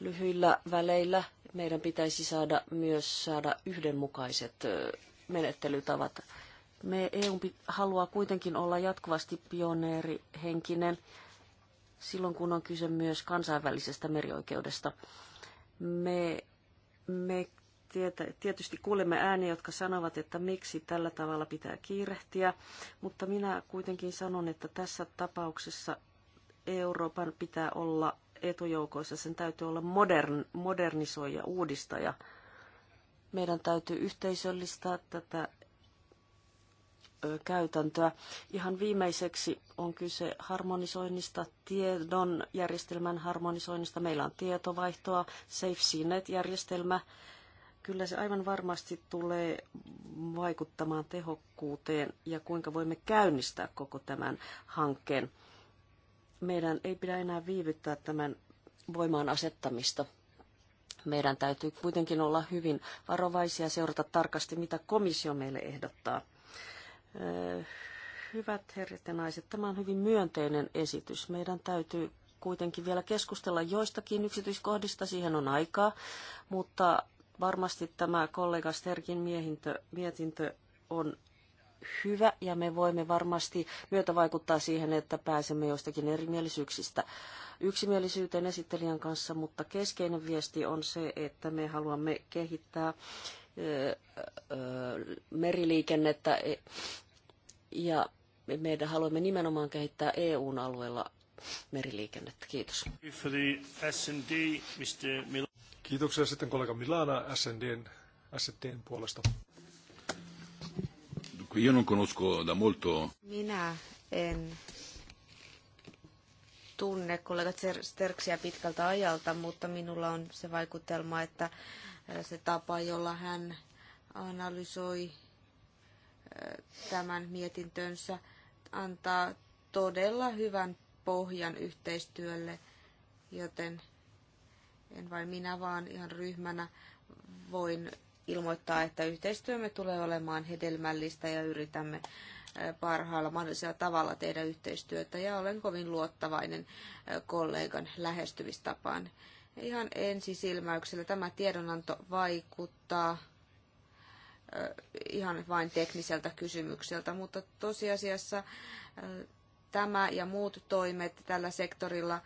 lyhyillä väleillä. Meidän pitäisi saada myös saada yhdenmukaiset menettelytavat. Me EU haluaa kuitenkin olla jatkuvasti pioneerihenkinen silloin, kun on kyse myös kansainvälisestä merioikeudesta. Me, me Tietysti kuulemme ääniä, jotka sanovat, että miksi tällä tavalla pitää kiirehtiä, mutta minä kuitenkin sanon, että tässä tapauksessa Euroopan pitää olla etujoukoissa, sen täytyy olla modern, modernisoija, uudistaja. Meidän täytyy yhteisöllistää tätä käytäntöä. Ihan viimeiseksi on kyse harmonisoinnista, tiedon järjestelmän harmonisoinnista. Meillä on tietovaihtoa, SafeCNet-järjestelmä, kyllä se aivan varmasti tulee vaikuttamaan tehokkuuteen ja kuinka voimme käynnistää koko tämän hankkeen. Meidän ei pidä enää viivyttää tämän voimaan asettamista. Meidän täytyy kuitenkin olla hyvin varovaisia ja seurata tarkasti, mitä komissio meille ehdottaa. Öö, hyvät herrat ja naiset, tämä on hyvin myönteinen esitys. Meidän täytyy kuitenkin vielä keskustella joistakin yksityiskohdista, siihen on aikaa, mutta Varmasti tämä kollega Sterkin miehintö, mietintö on hyvä ja me voimme varmasti myötä vaikuttaa siihen, että pääsemme jostakin erimielisyyksistä yksimielisyyteen esittelijän kanssa, mutta keskeinen viesti on se, että me haluamme kehittää meriliikennettä e, ja meidän haluamme nimenomaan kehittää EUn alueella meriliikennettä. Kiitos. Kiitoksia sitten kollega Milana SNDn, SNDn puolesta. Io non conosco da molto... Minä en tunne kollega Sterksiä pitkältä ajalta, mutta minulla on se vaikutelma, että se tapa, jolla hän analysoi tämän mietintönsä, antaa todella hyvän pohjan yhteistyölle, joten en vain minä, vaan ihan ryhmänä voin ilmoittaa, että yhteistyömme tulee olemaan hedelmällistä ja yritämme parhaalla mahdollisella tavalla tehdä yhteistyötä ja olen kovin luottavainen kollegan lähestymistapaan. Ihan ensisilmäyksellä tämä tiedonanto vaikuttaa ihan vain tekniseltä kysymykseltä, mutta tosiasiassa tämä ja muut toimet tällä sektorilla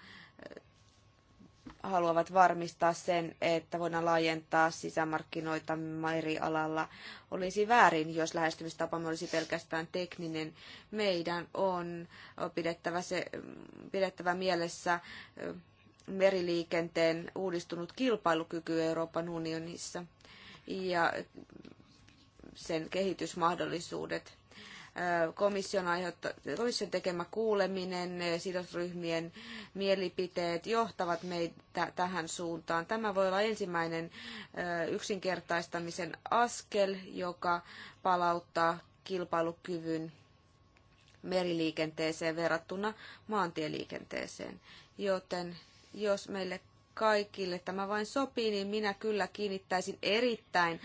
haluavat varmistaa sen, että voidaan laajentaa sisämarkkinoita mairi-alalla. Olisi väärin, jos lähestymistapamme olisi pelkästään tekninen. Meidän on pidettävä, se, pidettävä mielessä meriliikenteen uudistunut kilpailukyky Euroopan unionissa ja sen kehitysmahdollisuudet komission, komission tekemä kuuleminen, sidosryhmien mielipiteet johtavat meitä tähän suuntaan. Tämä voi olla ensimmäinen yksinkertaistamisen askel, joka palauttaa kilpailukyvyn meriliikenteeseen verrattuna maantieliikenteeseen. Joten jos meille kaikille tämä vain sopii, niin minä kyllä kiinnittäisin erittäin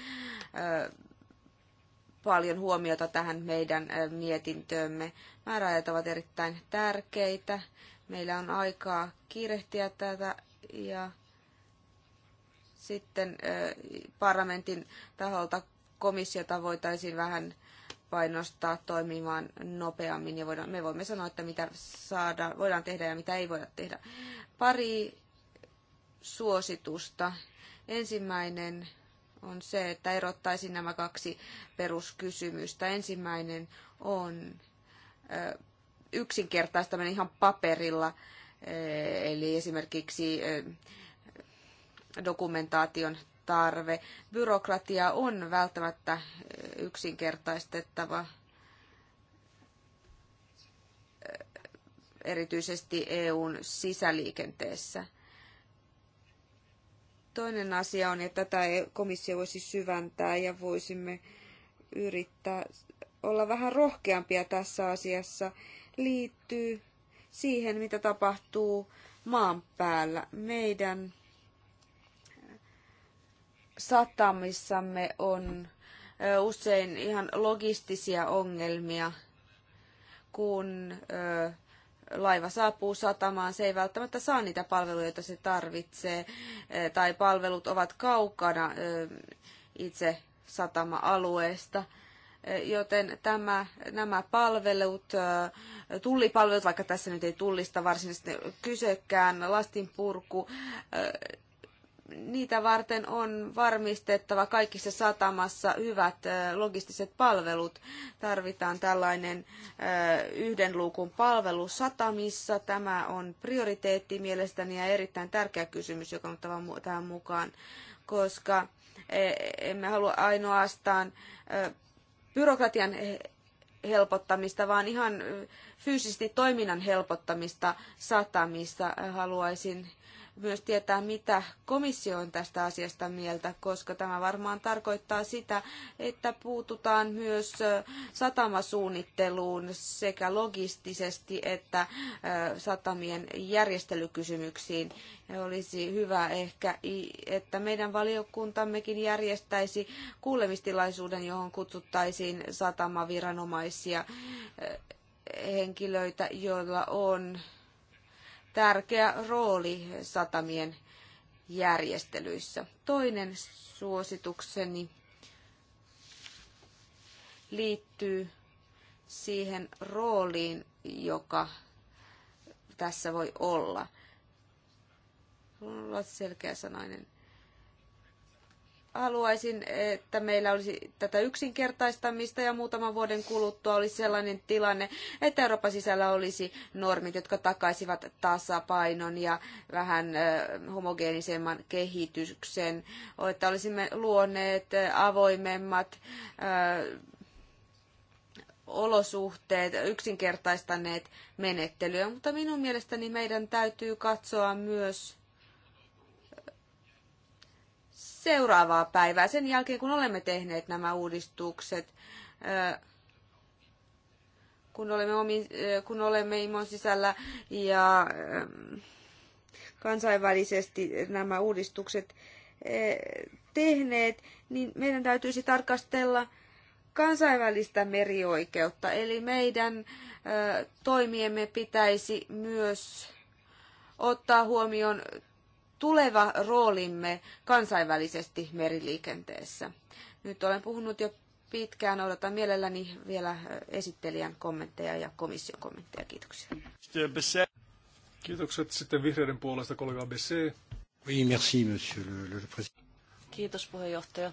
ö, paljon huomiota tähän meidän mietintöömme. Määräajat ovat erittäin tärkeitä. Meillä on aikaa kiirehtiä tätä ja sitten parlamentin taholta komissiota voitaisiin vähän painostaa toimimaan nopeammin ja voidaan, me voimme sanoa, että mitä saada, voidaan tehdä ja mitä ei voida tehdä. Pari suositusta. Ensimmäinen on se, että erottaisin nämä kaksi peruskysymystä. Ensimmäinen on yksinkertaistaminen ihan paperilla, eli esimerkiksi dokumentaation tarve. Byrokratia on välttämättä yksinkertaistettava erityisesti EUn sisäliikenteessä. Toinen asia on, että tätä komissio voisi syventää ja voisimme yrittää olla vähän rohkeampia tässä asiassa. Liittyy siihen, mitä tapahtuu maan päällä. Meidän satamissamme on usein ihan logistisia ongelmia, kun laiva saapuu satamaan, se ei välttämättä saa niitä palveluja, joita se tarvitsee, eh, tai palvelut ovat kaukana eh, itse satama-alueesta. Eh, joten tämä, nämä palvelut, tullipalvelut, vaikka tässä nyt ei tullista varsinaisesti kysekään, lastinpurku, niitä varten on varmistettava kaikissa satamassa hyvät logistiset palvelut. Tarvitaan tällainen yhden luukun palvelu satamissa. Tämä on prioriteetti mielestäni ja erittäin tärkeä kysymys, joka on otettava tähän mukaan, koska e, emme halua ainoastaan byrokratian helpottamista, vaan ihan fyysisesti toiminnan helpottamista satamissa. Haluaisin myös tietää, mitä komissio on tästä asiasta mieltä, koska tämä varmaan tarkoittaa sitä, että puututaan myös satamasuunnitteluun sekä logistisesti että satamien järjestelykysymyksiin. Olisi hyvä ehkä, että meidän valiokuntammekin järjestäisi kuulemistilaisuuden, johon kutsuttaisiin satamaviranomaisia henkilöitä, joilla on tärkeä rooli satamien järjestelyissä. Toinen suositukseni liittyy siihen rooliin, joka tässä voi olla. Olla selkeä sanainen haluaisin, että meillä olisi tätä yksinkertaistamista ja muutaman vuoden kuluttua olisi sellainen tilanne, että Euroopan sisällä olisi normit, jotka takaisivat tasapainon ja vähän homogeenisemman kehityksen, että olisimme luoneet avoimemmat olosuhteet, yksinkertaistaneet menettelyä, mutta minun mielestäni meidän täytyy katsoa myös seuraavaa päivää sen jälkeen, kun olemme tehneet nämä uudistukset. Kun olemme, omin, kun olemme IMOn sisällä ja kansainvälisesti nämä uudistukset tehneet, niin meidän täytyisi tarkastella kansainvälistä merioikeutta. Eli meidän toimiemme pitäisi myös ottaa huomioon tuleva roolimme kansainvälisesti meriliikenteessä. Nyt olen puhunut jo pitkään. Odotan mielelläni vielä esittelijän kommentteja ja komission kommentteja. Kiitoksia. Kiitokset sitten vihreiden puolesta kollega BC. Kiitos puheenjohtaja.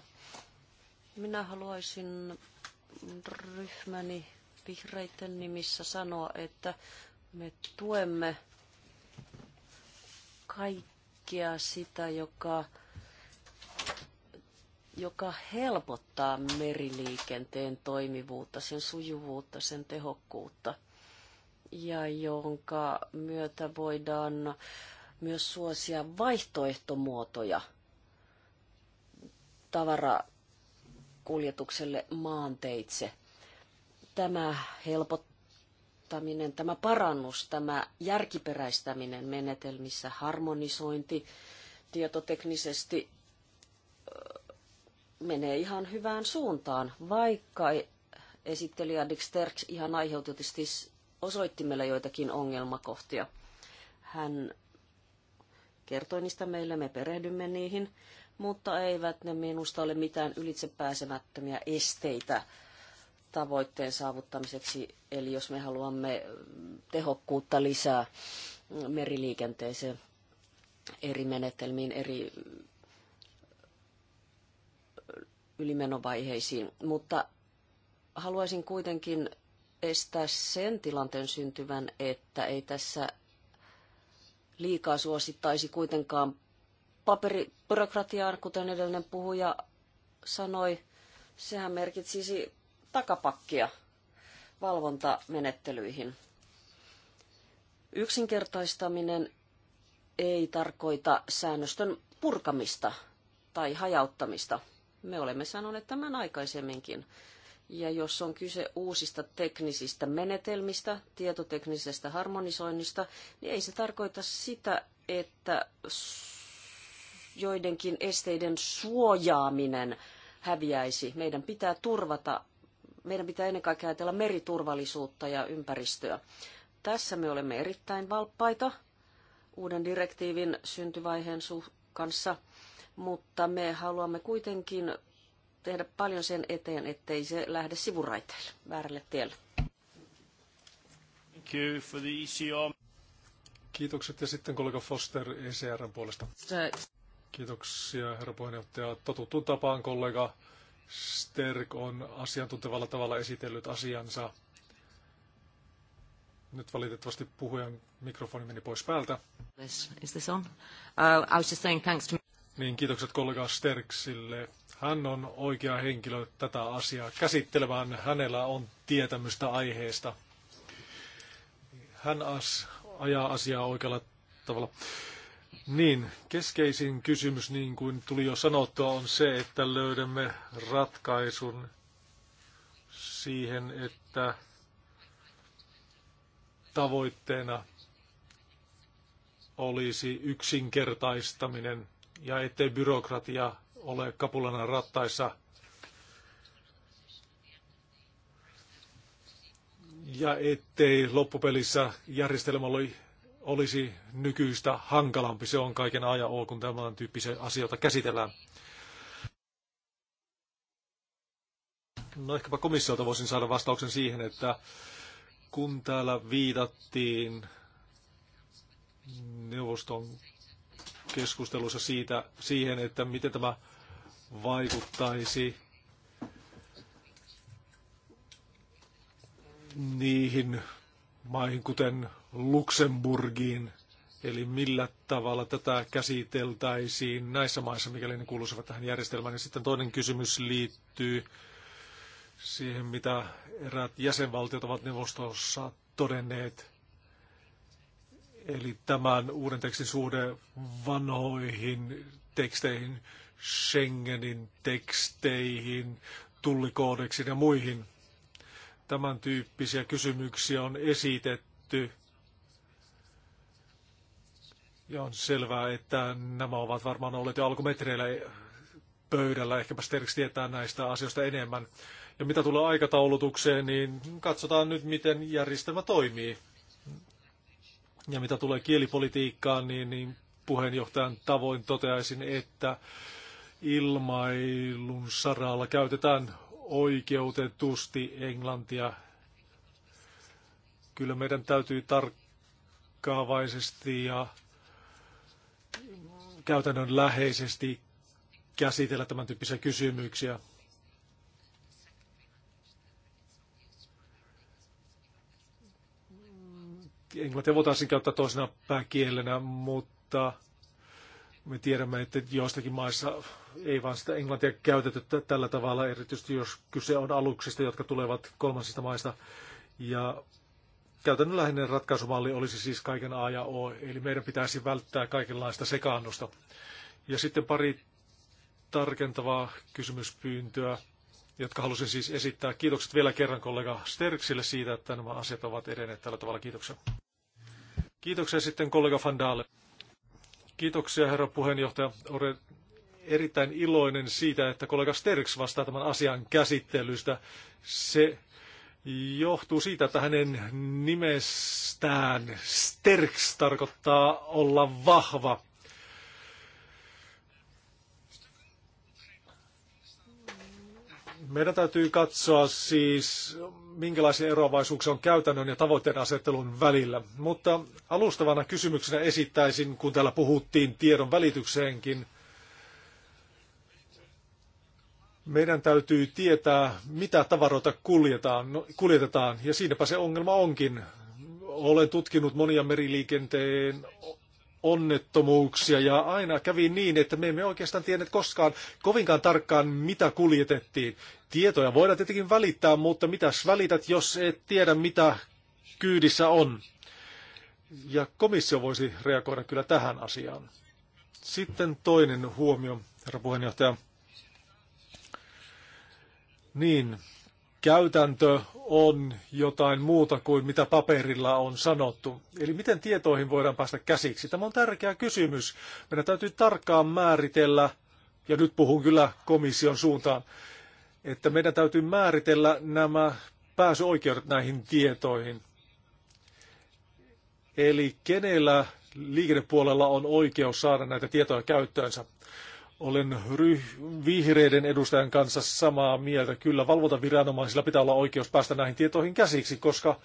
Minä haluaisin ryhmäni vihreiden nimissä sanoa, että me tuemme kaikkia tutkia sitä, joka, joka helpottaa meriliikenteen toimivuutta, sen sujuvuutta, sen tehokkuutta ja jonka myötä voidaan myös suosia vaihtoehtomuotoja tavarakuljetukselle maanteitse. Tämä helpottaa muuttaminen, tämä parannus, tämä järkiperäistäminen menetelmissä, harmonisointi tietoteknisesti menee ihan hyvään suuntaan, vaikka e- esittelijä Dick Sterks ihan aiheutetusti osoitti meille joitakin ongelmakohtia. Hän kertoi niistä meille, me perehdymme niihin, mutta eivät ne minusta ole mitään ylitsepääsemättömiä esteitä tavoitteen saavuttamiseksi, eli jos me haluamme tehokkuutta lisää meriliikenteeseen eri menetelmiin, eri ylimenovaiheisiin, mutta haluaisin kuitenkin estää sen tilanteen syntyvän, että ei tässä liikaa suosittaisi kuitenkaan paperibyrokratiaan, kuten edellinen puhuja sanoi. Sehän merkitsisi takapakkia valvontamenettelyihin. Yksinkertaistaminen ei tarkoita säännöstön purkamista tai hajauttamista. Me olemme sanoneet tämän aikaisemminkin. Ja jos on kyse uusista teknisistä menetelmistä, tietoteknisestä harmonisoinnista, niin ei se tarkoita sitä, että joidenkin esteiden suojaaminen häviäisi. Meidän pitää turvata meidän pitää ennen kaikkea ajatella meriturvallisuutta ja ympäristöä. Tässä me olemme erittäin valppaita uuden direktiivin syntyvaiheen kanssa, mutta me haluamme kuitenkin tehdä paljon sen eteen, ettei se lähde sivuraiteille, väärälle tielle. E Kiitokset ja sitten kollega Foster ECRn puolesta. Kiitoksia herra puheenjohtaja. Totuttuun tapaan kollega Sterk on asiantuntevalla tavalla esitellyt asiansa. Nyt valitettavasti puhujan mikrofoni meni pois päältä. Is this on? Uh, I was just saying thanks to... Niin, kiitokset kollega Sterksille. Hän on oikea henkilö tätä asiaa käsittelemään. Hänellä on tietämystä aiheesta. Hän as, ajaa asiaa oikealla tavalla. Niin, keskeisin kysymys, niin kuin tuli jo sanottua, on se, että löydämme ratkaisun siihen, että tavoitteena olisi yksinkertaistaminen ja ettei byrokratia ole kapulana rattaissa. Ja ettei loppupelissä järjestelmä ole olisi nykyistä hankalampi. Se on kaiken A ja O, kun tämän tyyppisiä asioita käsitellään. No ehkäpä komissiolta voisin saada vastauksen siihen, että kun täällä viitattiin neuvoston keskustelussa siitä, siihen, että miten tämä vaikuttaisi niihin maihin, kuten Luxemburgiin, eli millä tavalla tätä käsiteltäisiin näissä maissa, mikäli ne kuuluisivat tähän järjestelmään. Ja sitten toinen kysymys liittyy siihen, mitä eräät jäsenvaltiot ovat neuvostossa todenneet. Eli tämän uuden tekstin suhde vanhoihin teksteihin, Schengenin teksteihin, tullikoodeksiin ja muihin. Tämän tyyppisiä kysymyksiä on esitetty ja on selvää, että nämä ovat varmaan olleet jo alkumetreillä pöydällä. Ehkäpä Sterks tietää näistä asioista enemmän. Ja mitä tulee aikataulutukseen, niin katsotaan nyt, miten järjestelmä toimii. Ja mitä tulee kielipolitiikkaan, niin, niin puheenjohtajan tavoin toteaisin, että ilmailun saralla käytetään oikeutetusti englantia. Kyllä meidän täytyy tarkkaavaisesti ja Käytännönläheisesti käsitellä tämän tyyppisiä kysymyksiä. Englantia voitaisiin käyttää toisena pääkielenä, mutta me tiedämme, että joistakin maissa ei vain sitä englantia käytetä tällä tavalla, erityisesti jos kyse on aluksista, jotka tulevat kolmansista maista. Ja Käytännönläheinen ratkaisumalli olisi siis kaiken A ja O, eli meidän pitäisi välttää kaikenlaista sekaannusta. Ja sitten pari tarkentavaa kysymyspyyntöä, jotka halusin siis esittää. Kiitokset vielä kerran kollega Sterksille siitä, että nämä asiat ovat edenneet tällä tavalla. Kiitoksia. Kiitoksia sitten kollega Van Kiitoksia herra puheenjohtaja. Olen erittäin iloinen siitä, että kollega Sterks vastaa tämän asian käsittelystä. Se johtuu siitä, että hänen nimestään Sterks tarkoittaa olla vahva. Meidän täytyy katsoa siis, minkälaisia eroavaisuuksia on käytännön ja tavoitteen asettelun välillä. Mutta alustavana kysymyksenä esittäisin, kun täällä puhuttiin tiedon välitykseenkin, meidän täytyy tietää, mitä tavaroita kuljetaan, no, kuljetetaan, ja siinäpä se ongelma onkin. Olen tutkinut monia meriliikenteen onnettomuuksia, ja aina kävi niin, että me emme oikeastaan tienneet koskaan kovinkaan tarkkaan, mitä kuljetettiin. Tietoja voidaan tietenkin välittää, mutta mitäs välität, jos et tiedä, mitä kyydissä on. Ja komissio voisi reagoida kyllä tähän asiaan. Sitten toinen huomio, herra puheenjohtaja. Niin, käytäntö on jotain muuta kuin mitä paperilla on sanottu. Eli miten tietoihin voidaan päästä käsiksi? Tämä on tärkeä kysymys. Meidän täytyy tarkkaan määritellä, ja nyt puhun kyllä komission suuntaan, että meidän täytyy määritellä nämä pääsyoikeudet näihin tietoihin. Eli kenellä liikennepuolella on oikeus saada näitä tietoja käyttöönsä. Olen ryh- vihreiden edustajan kanssa samaa mieltä. Kyllä valvontaviranomaisilla pitää olla oikeus päästä näihin tietoihin käsiksi, koska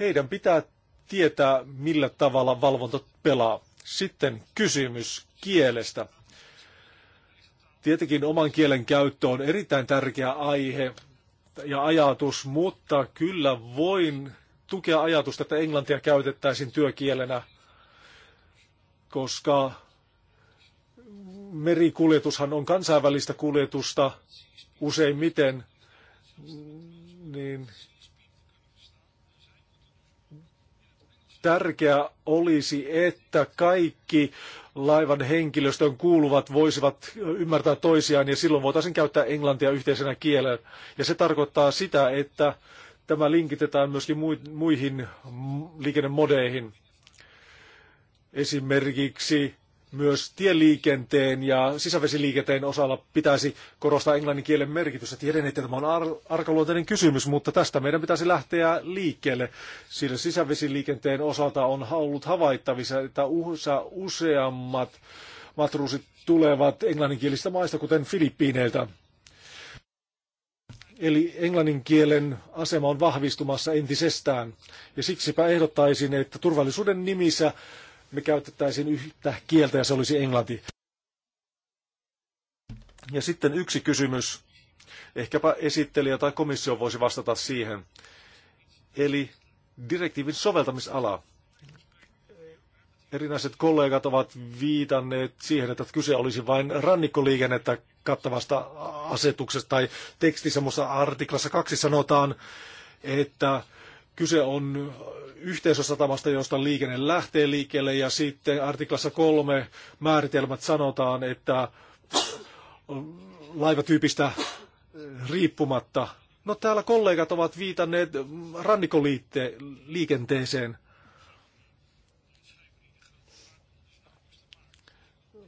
heidän pitää tietää, millä tavalla valvonta pelaa. Sitten kysymys kielestä. Tietenkin oman kielen käyttö on erittäin tärkeä aihe ja ajatus, mutta kyllä voin tukea ajatusta, että englantia käytettäisiin työkielenä, koska merikuljetushan on kansainvälistä kuljetusta useimmiten, niin tärkeää olisi, että kaikki laivan henkilöstön kuuluvat voisivat ymmärtää toisiaan ja silloin voitaisiin käyttää englantia yhteisenä kielenä. Ja se tarkoittaa sitä, että tämä linkitetään myöskin muihin liikennemodeihin. Esimerkiksi myös tieliikenteen ja sisävesiliikenteen osalla pitäisi korostaa englannin kielen merkitystä. Tiedän, että tämä on ar- arkaluonteinen kysymys, mutta tästä meidän pitäisi lähteä liikkeelle, sillä sisävesiliikenteen osalta on ollut havaittavissa, että useammat matruusit tulevat englanninkielistä maista, kuten Filippiineiltä. Eli englannin kielen asema on vahvistumassa entisestään. Ja siksipä ehdottaisin, että turvallisuuden nimissä me käytettäisiin yhtä kieltä ja se olisi englanti. Ja sitten yksi kysymys. Ehkäpä esittelijä tai komissio voisi vastata siihen. Eli direktiivin soveltamisala. Erinäiset kollegat ovat viitanneet siihen, että kyse olisi vain rannikkoliikennettä kattavasta asetuksesta tai tekstissä artiklassa kaksi sanotaan, että kyse on yhteisösatamasta, josta liikenne lähtee liikkeelle, ja sitten artiklassa kolme määritelmät sanotaan, että laivatyypistä riippumatta. No täällä kollegat ovat viitanneet rannikoliikenteeseen.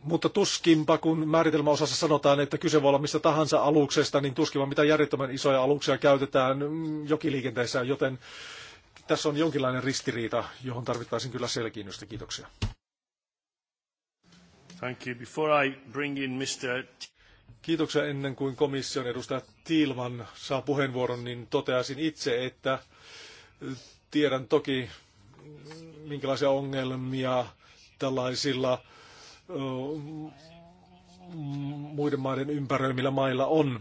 Mutta tuskinpa, kun määritelmäosassa sanotaan, että kyse voi olla mistä tahansa aluksesta, niin tuskinpa mitä järjettömän isoja aluksia käytetään mm, jokiliikenteessä, joten tässä on jonkinlainen ristiriita, johon tarvittaisiin kyllä selkiinnystä. Kiitoksia. Thank you. Before I bring in Mr. Kiitoksia ennen kuin komission edustaja Tiilman saa puheenvuoron, niin toteaisin itse, että tiedän toki minkälaisia ongelmia tällaisilla muiden maiden ympäröimillä mailla on.